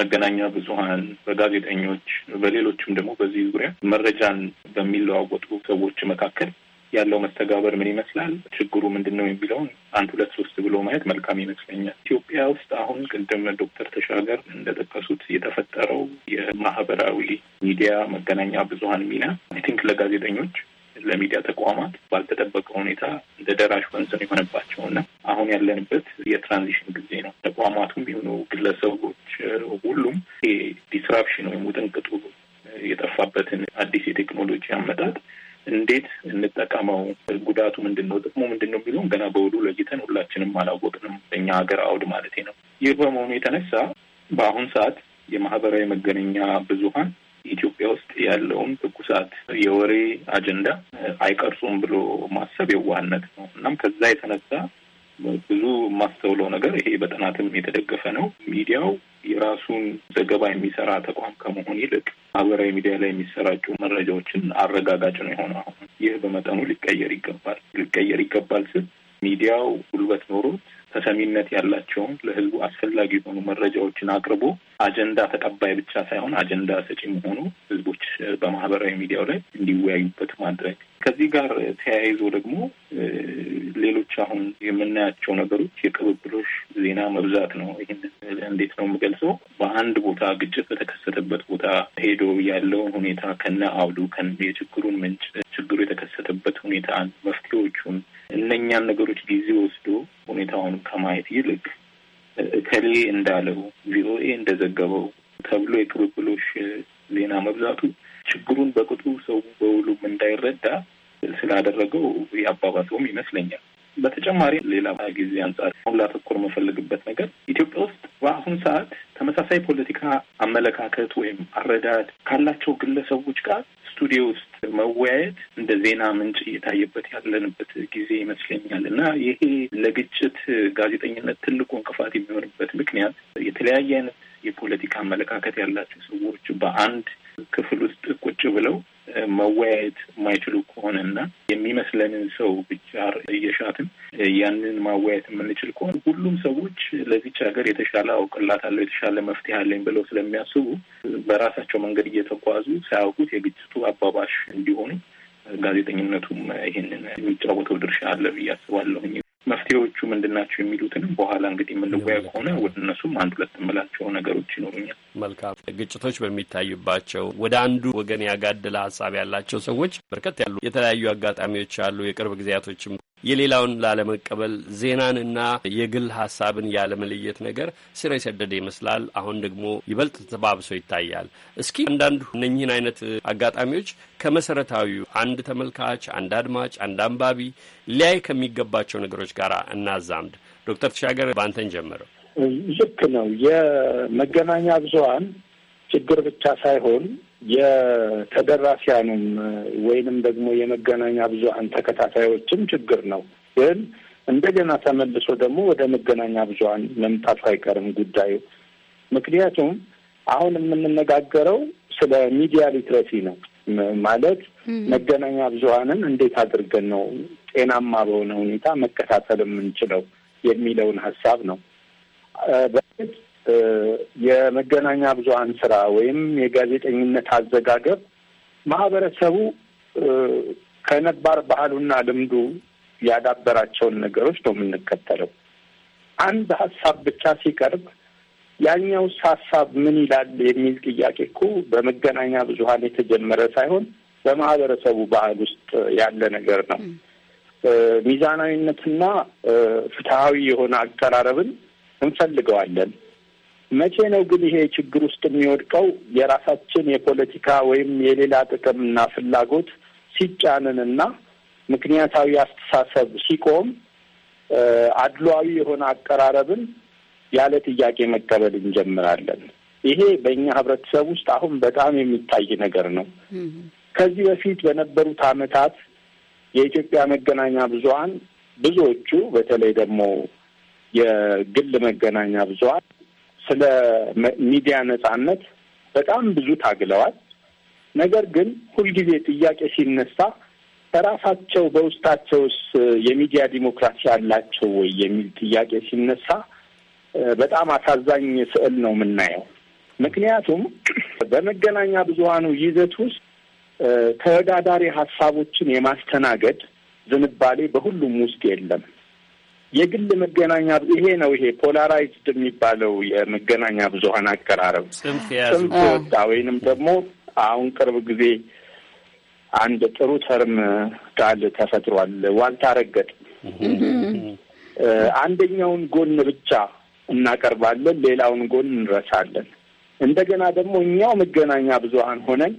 መገናኛ ብዙኃን በጋዜጠኞች በሌሎችም ደግሞ በዚህ ዙሪያ መረጃን በሚለዋወጡ ሰዎች መካከል ያለው መስተጋበር ምን ይመስላል፣ ችግሩ ምንድን ነው የሚለውን አንድ ሁለት ሶስት ብሎ ማየት መልካም ይመስለኛል። ኢትዮጵያ ውስጥ አሁን ቅድም ዶክተር ተሻገር እንደጠቀሱት የተፈጠረው የማህበራዊ ሚዲያ መገናኛ ብዙኃን ሚና አይ ቲንክ ለጋዜጠኞች ለሚዲያ ተቋማት ባልተጠበቀ ሁኔታ እንደ ደራሽ ወንዝን የሆነባቸው እና አሁን ያለንበት የትራንዚሽን ጊዜ ነው። ተቋማቱም ቢሆኑ ግለሰቦች፣ ሁሉም ዲስራፕሽን ወይም ውጥንቅጡ የጠፋበትን አዲስ የቴክኖሎጂ አመጣጥ እንዴት እንጠቀመው፣ ጉዳቱ ምንድን ነው፣ ጥቅሙ ምንድን ነው የሚለውን ገና በውሉ ለይተን ሁላችንም አላወቅንም። በእኛ ሀገር አውድ ማለት ነው። ይህ በመሆኑ የተነሳ በአሁን ሰዓት የማህበራዊ መገናኛ ብዙሀን ኢትዮጵያ ውስጥ ያለውን ትኩሳት የወሬ አጀንዳ አይቀርጹም ብሎ ማሰብ የዋህነት ነው። እናም ከዛ የተነሳ ብዙ የማስተውለው ነገር ይሄ በጥናትም የተደገፈ ነው። ሚዲያው የራሱን ዘገባ የሚሰራ ተቋም ከመሆን ይልቅ ማህበራዊ ሚዲያ ላይ የሚሰራጩ መረጃዎችን አረጋጋጭ ነው የሆነ። አሁን ይህ በመጠኑ ሊቀየር ይገባል። ሊቀየር ይገባል ስል ሚዲያው ጉልበት ኖሮት ተሰሚነት ያላቸውን ለህዝቡ አስፈላጊ የሆኑ መረጃዎችን አቅርቦ አጀንዳ ተቀባይ ብቻ ሳይሆን አጀንዳ ሰጪ መሆኑ ህዝቦች በማህበራዊ ሚዲያው ላይ እንዲወያዩበት ማድረግ። ከዚህ ጋር ተያይዞ ደግሞ ሌሎች አሁን የምናያቸው ነገሮች የቅብብሎሽ ዜና መብዛት ነው። ይህን እንዴት ነው የምገልጸው? በአንድ ቦታ ግጭት በተከሰተበት ቦታ ሄዶ ያለውን ሁኔታ ከነ አውዱ ከነ የችግሩን ምንጭ ችግሩ የተከሰተበት ሁኔታን መፍትሄዎቹን እነኛን ነገሮች ጊዜ ወስዶ ሁኔታውን ከማየት ይልቅ እከሌ እንዳለው ቪኦኤ እንደዘገበው ተብሎ የቅብብሎሽ ዜና መብዛቱ ችግሩን በቅጡ ሰው በውሉም እንዳይረዳ ስላደረገው ያባባሰውም ይመስለኛል። በተጨማሪ ሌላ ጊዜ አንጻር አሁን ላተኮር የምፈልግበት ነገር ኢትዮጵያ ውስጥ በአሁን ሰዓት ተመሳሳይ ፖለቲካ አመለካከት ወይም አረዳድ ካላቸው ግለሰቦች ጋር ስቱዲዮ ውስጥ መወያየት እንደ ዜና ምንጭ እየታየበት ያለንበት ጊዜ ይመስለኛል እና ይሄ ለግጭት ጋዜጠኝነት ትልቁ እንቅፋት የሚሆንበት ምክንያት የተለያየ አይነት የፖለቲካ አመለካከት ያላቸው ሰዎች በአንድ ክፍል ውስጥ ቁጭ ብለው መወያየት የማይችሉ ከሆነና የሚመስለንን ሰው ብቻ እየሻትን ያንን ማወያየት የምንችል ከሆነ ሁሉም ሰዎች ለዚች ሀገር የተሻለ አውቅላታለሁ የተሻለ መፍትሄ አለኝ ብለው ስለሚያስቡ በራሳቸው መንገድ እየተጓዙ ሳያውቁት የግጭቱ አባባሽ እንዲሆኑ ጋዜጠኝነቱም ይህንን የሚጫወተው ድርሻ አለ ብዬ አስባለሁኝ። መፍትሄዎቹ ምንድን ናቸው የሚሉትንም በኋላ እንግዲህ የምንወያ ከሆነ ወደ እነሱም አንድ ሁለት የምላቸው ነገሮች ይኖሩኛል። መልካም። ግጭቶች በሚታዩባቸው ወደ አንዱ ወገን ያጋደለ ሀሳብ ያላቸው ሰዎች በርከት ያሉ የተለያዩ አጋጣሚዎች አሉ። የቅርብ ጊዜያቶችም የሌላውን ላለመቀበል ዜናንና የግል ሀሳብን ያለመለየት ነገር ስር የሰደደ ይመስላል። አሁን ደግሞ ይበልጥ ተባብሶ ይታያል። እስኪ አንዳንድ እነኚህን አይነት አጋጣሚዎች ከመሰረታዊው አንድ ተመልካች፣ አንድ አድማጭ፣ አንድ አንባቢ ሊያይ ከሚገባቸው ነገሮች ጋር እናዛምድ። ዶክተር ተሻገር በአንተን ጀመረው። ልክ ነው። የመገናኛ ብዙሀን ችግር ብቻ ሳይሆን የተደራሲያንም ወይንም ደግሞ የመገናኛ ብዙሀን ተከታታዮችም ችግር ነው። ግን እንደገና ተመልሶ ደግሞ ወደ መገናኛ ብዙሀን መምጣቱ አይቀርም ጉዳዩ። ምክንያቱም አሁን የምንነጋገረው ስለ ሚዲያ ሊትረሲ ነው። ማለት መገናኛ ብዙሀንን እንዴት አድርገን ነው ጤናማ በሆነ ሁኔታ መከታተል የምንችለው የሚለውን ሀሳብ ነው። በእርግጥ የመገናኛ ብዙሀን ስራ ወይም የጋዜጠኝነት አዘጋገብ ማህበረሰቡ ከነባር ባህሉና ልምዱ ያዳበራቸውን ነገሮች ነው የምንከተለው። አንድ ሀሳብ ብቻ ሲቀርብ ያኛውስ ሀሳብ ምን ይላል የሚል ጥያቄ እኮ በመገናኛ ብዙሀን የተጀመረ ሳይሆን በማህበረሰቡ ባህል ውስጥ ያለ ነገር ነው። ሚዛናዊነትና ፍትሐዊ የሆነ አቀራረብን እንፈልገዋለን። መቼ ነው ግን ይሄ ችግር ውስጥ የሚወድቀው? የራሳችን የፖለቲካ ወይም የሌላ ጥቅምና ፍላጎት ሲጫንንና ምክንያታዊ አስተሳሰብ ሲቆም አድሏዊ የሆነ አቀራረብን ያለ ጥያቄ መቀበል እንጀምራለን። ይሄ በእኛ ህብረተሰብ ውስጥ አሁን በጣም የሚታይ ነገር ነው። ከዚህ በፊት በነበሩት ዓመታት የኢትዮጵያ መገናኛ ብዙሀን ብዙዎቹ በተለይ ደግሞ የግል መገናኛ ብዙሀን ስለ ሚዲያ ነጻነት በጣም ብዙ ታግለዋል። ነገር ግን ሁልጊዜ ጥያቄ ሲነሳ በራሳቸው በውስጣቸውስ የሚዲያ ዲሞክራሲ አላቸው ወይ የሚል ጥያቄ ሲነሳ በጣም አሳዛኝ ስዕል ነው የምናየው። ምክንያቱም በመገናኛ ብዙሀኑ ይዘት ውስጥ ተወዳዳሪ ሀሳቦችን የማስተናገድ ዝንባሌ በሁሉም ውስጥ የለም። የግል መገናኛ ይሄ ነው። ይሄ ፖላራይዝድ የሚባለው የመገናኛ ብዙሀን አቀራረብ ጽንፍ ወጣ ወይንም ደግሞ አሁን ቅርብ ጊዜ አንድ ጥሩ ተርም ቃል ተፈጥሯል። ዋልታ ረገጥ። አንደኛውን ጎን ብቻ እናቀርባለን፣ ሌላውን ጎን እንረሳለን። እንደገና ደግሞ እኛው መገናኛ ብዙሀን ሆነን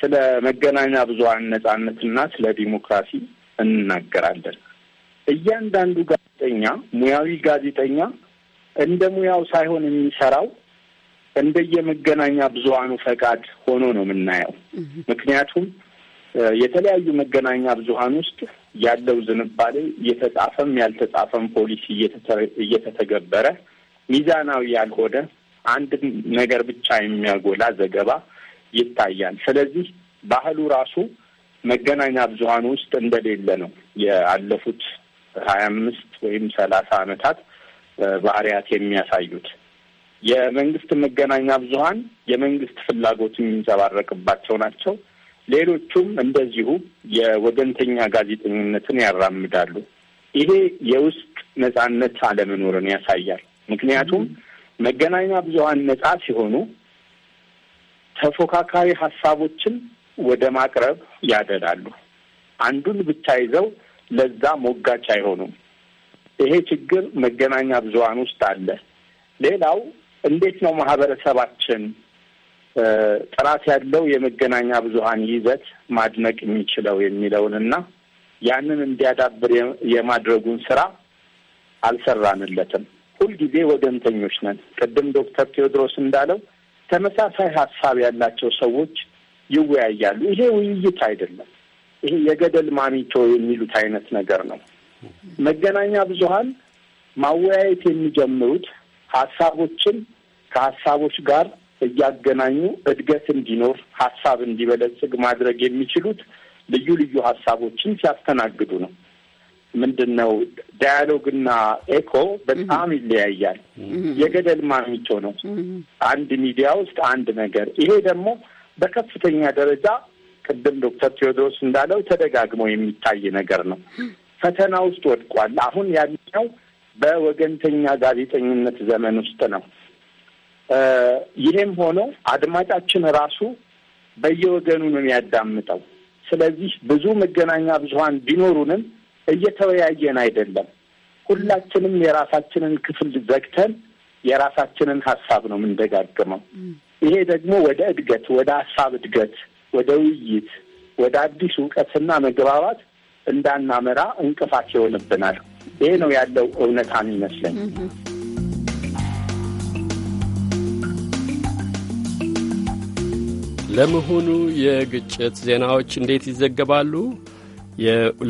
ስለ መገናኛ ብዙሀን ነጻነትና ስለ ዲሞክራሲ እንናገራለን። እያንዳንዱ ጋር ጋዜጠኛ ሙያዊ ጋዜጠኛ እንደ ሙያው ሳይሆን የሚሰራው እንደየመገናኛ ብዙሀኑ ፈቃድ ሆኖ ነው የምናየው። ምክንያቱም የተለያዩ መገናኛ ብዙሀን ውስጥ ያለው ዝንባሌ እየተጻፈም ያልተጻፈም ፖሊሲ እየተተገበረ ሚዛናዊ ያልሆነ አንድ ነገር ብቻ የሚያጎላ ዘገባ ይታያል። ስለዚህ ባህሉ ራሱ መገናኛ ብዙሀን ውስጥ እንደሌለ ነው ያለፉት ሀያ አምስት ወይም ሰላሳ አመታት ባህሪያት የሚያሳዩት የመንግስት መገናኛ ብዙሀን የመንግስት ፍላጎት የሚንጸባረቅባቸው ናቸው። ሌሎቹም እንደዚሁ የወገንተኛ ጋዜጠኝነትን ያራምዳሉ። ይሄ የውስጥ ነጻነት አለመኖርን ያሳያል። ምክንያቱም መገናኛ ብዙሀን ነጻ ሲሆኑ ተፎካካሪ ሀሳቦችን ወደ ማቅረብ ያደላሉ። አንዱን ብቻ ይዘው ለዛ ሞጋች አይሆኑም። ይሄ ችግር መገናኛ ብዙሀን ውስጥ አለ። ሌላው እንዴት ነው ማህበረሰባችን ጥራት ያለው የመገናኛ ብዙሀን ይዘት ማድነቅ የሚችለው የሚለውን እና ያንን እንዲያዳብር የማድረጉን ስራ አልሰራንለትም። ሁልጊዜ ወገንተኞች ነን። ቅድም ዶክተር ቴዎድሮስ እንዳለው ተመሳሳይ ሀሳብ ያላቸው ሰዎች ይወያያሉ። ይሄ ውይይት አይደለም። ይሄ የገደል ማሚቶ የሚሉት አይነት ነገር ነው። መገናኛ ብዙሀን ማወያየት የሚጀምሩት ሀሳቦችን ከሀሳቦች ጋር እያገናኙ እድገት እንዲኖር ሀሳብ እንዲበለጽግ ማድረግ የሚችሉት ልዩ ልዩ ሀሳቦችን ሲያስተናግዱ ነው። ምንድን ነው ዳያሎግና ኤኮ በጣም ይለያያል። የገደል ማሚቶ ነው። አንድ ሚዲያ ውስጥ አንድ ነገር፣ ይሄ ደግሞ በከፍተኛ ደረጃ ቅድም ዶክተር ቴዎድሮስ እንዳለው ተደጋግሞ የሚታይ ነገር ነው። ፈተና ውስጥ ወድቋል። አሁን ያለው በወገንተኛ ጋዜጠኝነት ዘመን ውስጥ ነው። ይሄም ሆኖ አድማጫችን ራሱ በየወገኑ ነው የሚያዳምጠው። ስለዚህ ብዙ መገናኛ ብዙኃን ቢኖሩንም እየተወያየን አይደለም። ሁላችንም የራሳችንን ክፍል ዘግተን የራሳችንን ሀሳብ ነው የምንደጋግመው። ይሄ ደግሞ ወደ እድገት ወደ ሀሳብ እድገት ወደ ውይይት፣ ወደ አዲስ እውቀትና መግባባት እንዳናመራ እንቅፋት ይሆንብናል። ይሄ ነው ያለው እውነታ ይመስለኝ። ለመሆኑ የግጭት ዜናዎች እንዴት ይዘገባሉ?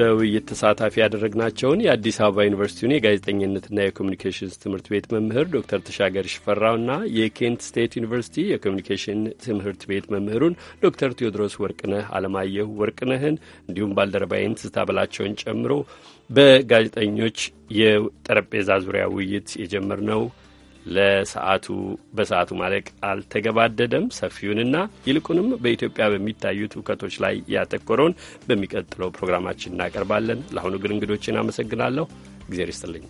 ለውይይት ተሳታፊ ያደረግናቸውን የአዲስ አበባ ዩኒቨርሲቲውን የጋዜጠኝነትና የኮሚኒኬሽንስ ትምህርት ቤት መምህር ዶክተር ተሻገር ሽፈራውና የኬንት ስቴት ዩኒቨርሲቲ የኮሚኒኬሽን ትምህርት ቤት መምህሩን ዶክተር ቴዎድሮስ ወርቅነህ አለማየሁ ወርቅነህን እንዲሁም ባልደረባይን ትዝታ በላቸውን ጨምሮ በጋዜጠኞች የጠረጴዛ ዙሪያ ውይይት የጀመርነው ለሰዓቱ በሰዓቱ ማለቅ አልተገባደደም። ሰፊውንና ይልቁንም በኢትዮጵያ በሚታዩት እውከቶች ላይ ያተኮረውን በሚቀጥለው ፕሮግራማችን እናቀርባለን። ለአሁኑ ግን እንግዶችን አመሰግናለሁ። እግዜር ይስጥልኝ።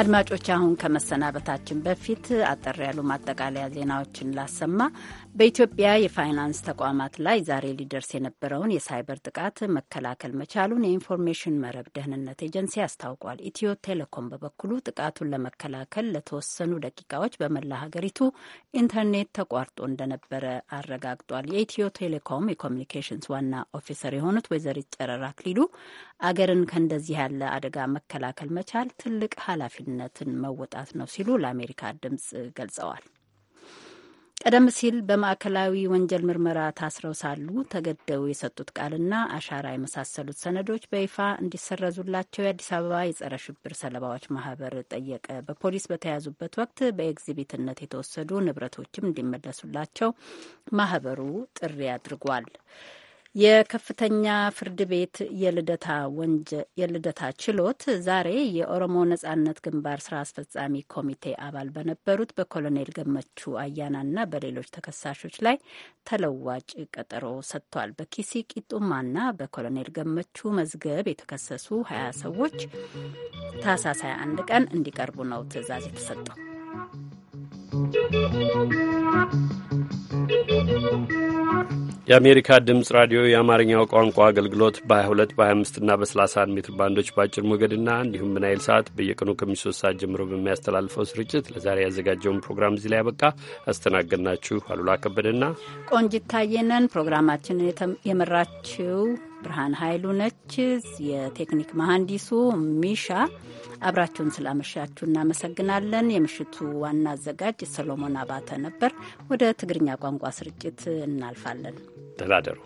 አድማጮች አሁን ከመሰናበታችን በፊት አጠር ያሉ ማጠቃለያ ዜናዎችን ላሰማ። በኢትዮጵያ የፋይናንስ ተቋማት ላይ ዛሬ ሊደርስ የነበረውን የሳይበር ጥቃት መከላከል መቻሉን የኢንፎርሜሽን መረብ ደህንነት ኤጀንሲ አስታውቋል። ኢትዮ ቴሌኮም በበኩሉ ጥቃቱን ለመከላከል ለተወሰኑ ደቂቃዎች በመላ ሀገሪቱ ኢንተርኔት ተቋርጦ እንደነበረ አረጋግጧል። የኢትዮ ቴሌኮም የኮሚኒኬሽንስ ዋና ኦፊሰር የሆኑት ወይዘሪት ጨረር አክሊሉ አገርን ከእንደዚህ ያለ አደጋ መከላከል መቻል ትልቅ ኃላፊነትን መወጣት ነው ሲሉ ለአሜሪካ ድምጽ ገልጸዋል። ቀደም ሲል በማዕከላዊ ወንጀል ምርመራ ታስረው ሳሉ ተገደው የሰጡት ቃልና አሻራ የመሳሰሉት ሰነዶች በይፋ እንዲሰረዙላቸው የአዲስ አበባ የጸረ ሽብር ሰለባዎች ማህበር ጠየቀ። በፖሊስ በተያዙበት ወቅት በኤግዚቢትነት የተወሰዱ ንብረቶችም እንዲመለሱላቸው ማህበሩ ጥሪ አድርጓል። የከፍተኛ ፍርድ ቤት የልደታ ወንጀ የልደታ ችሎት ዛሬ የኦሮሞ ነጻነት ግንባር ስራ አስፈጻሚ ኮሚቴ አባል በነበሩት በኮሎኔል ገመቹ አያናና በሌሎች ተከሳሾች ላይ ተለዋጭ ቀጠሮ ሰጥቷል። በኪሲ ቂጡማና በኮሎኔል ገመቹ መዝገብ የተከሰሱ ሀያ ሰዎች ታህሳስ 21 ቀን እንዲቀርቡ ነው ትዕዛዝ የተሰጠው። የአሜሪካ ድምፅ ራዲዮ የአማርኛው ቋንቋ አገልግሎት በ22 በ25 እና በ31 ሜትር ባንዶች በአጭር ሞገድና እንዲሁም በናይል ሰዓት በየቀኑ ከምሽቱ ሰዓት ጀምሮ በሚያስተላልፈው ስርጭት ለዛሬ ያዘጋጀውን ፕሮግራም እዚህ ላይ ያበቃ። አስተናገድናችሁ አሉላ ከበደና ቆንጂት ታየነን። ፕሮግራማችንን የመራችው ብርሃን ኃይሉ ነች። የቴክኒክ መሐንዲሱ ሚሻ። አብራችሁን ስላመሻችሁ እናመሰግናለን። የምሽቱ ዋና አዘጋጅ ሰሎሞን አባተ ነበር። ወደ ትግርኛ ቋንቋ ስርጭት እናልፋለን። ደህና ደሩ።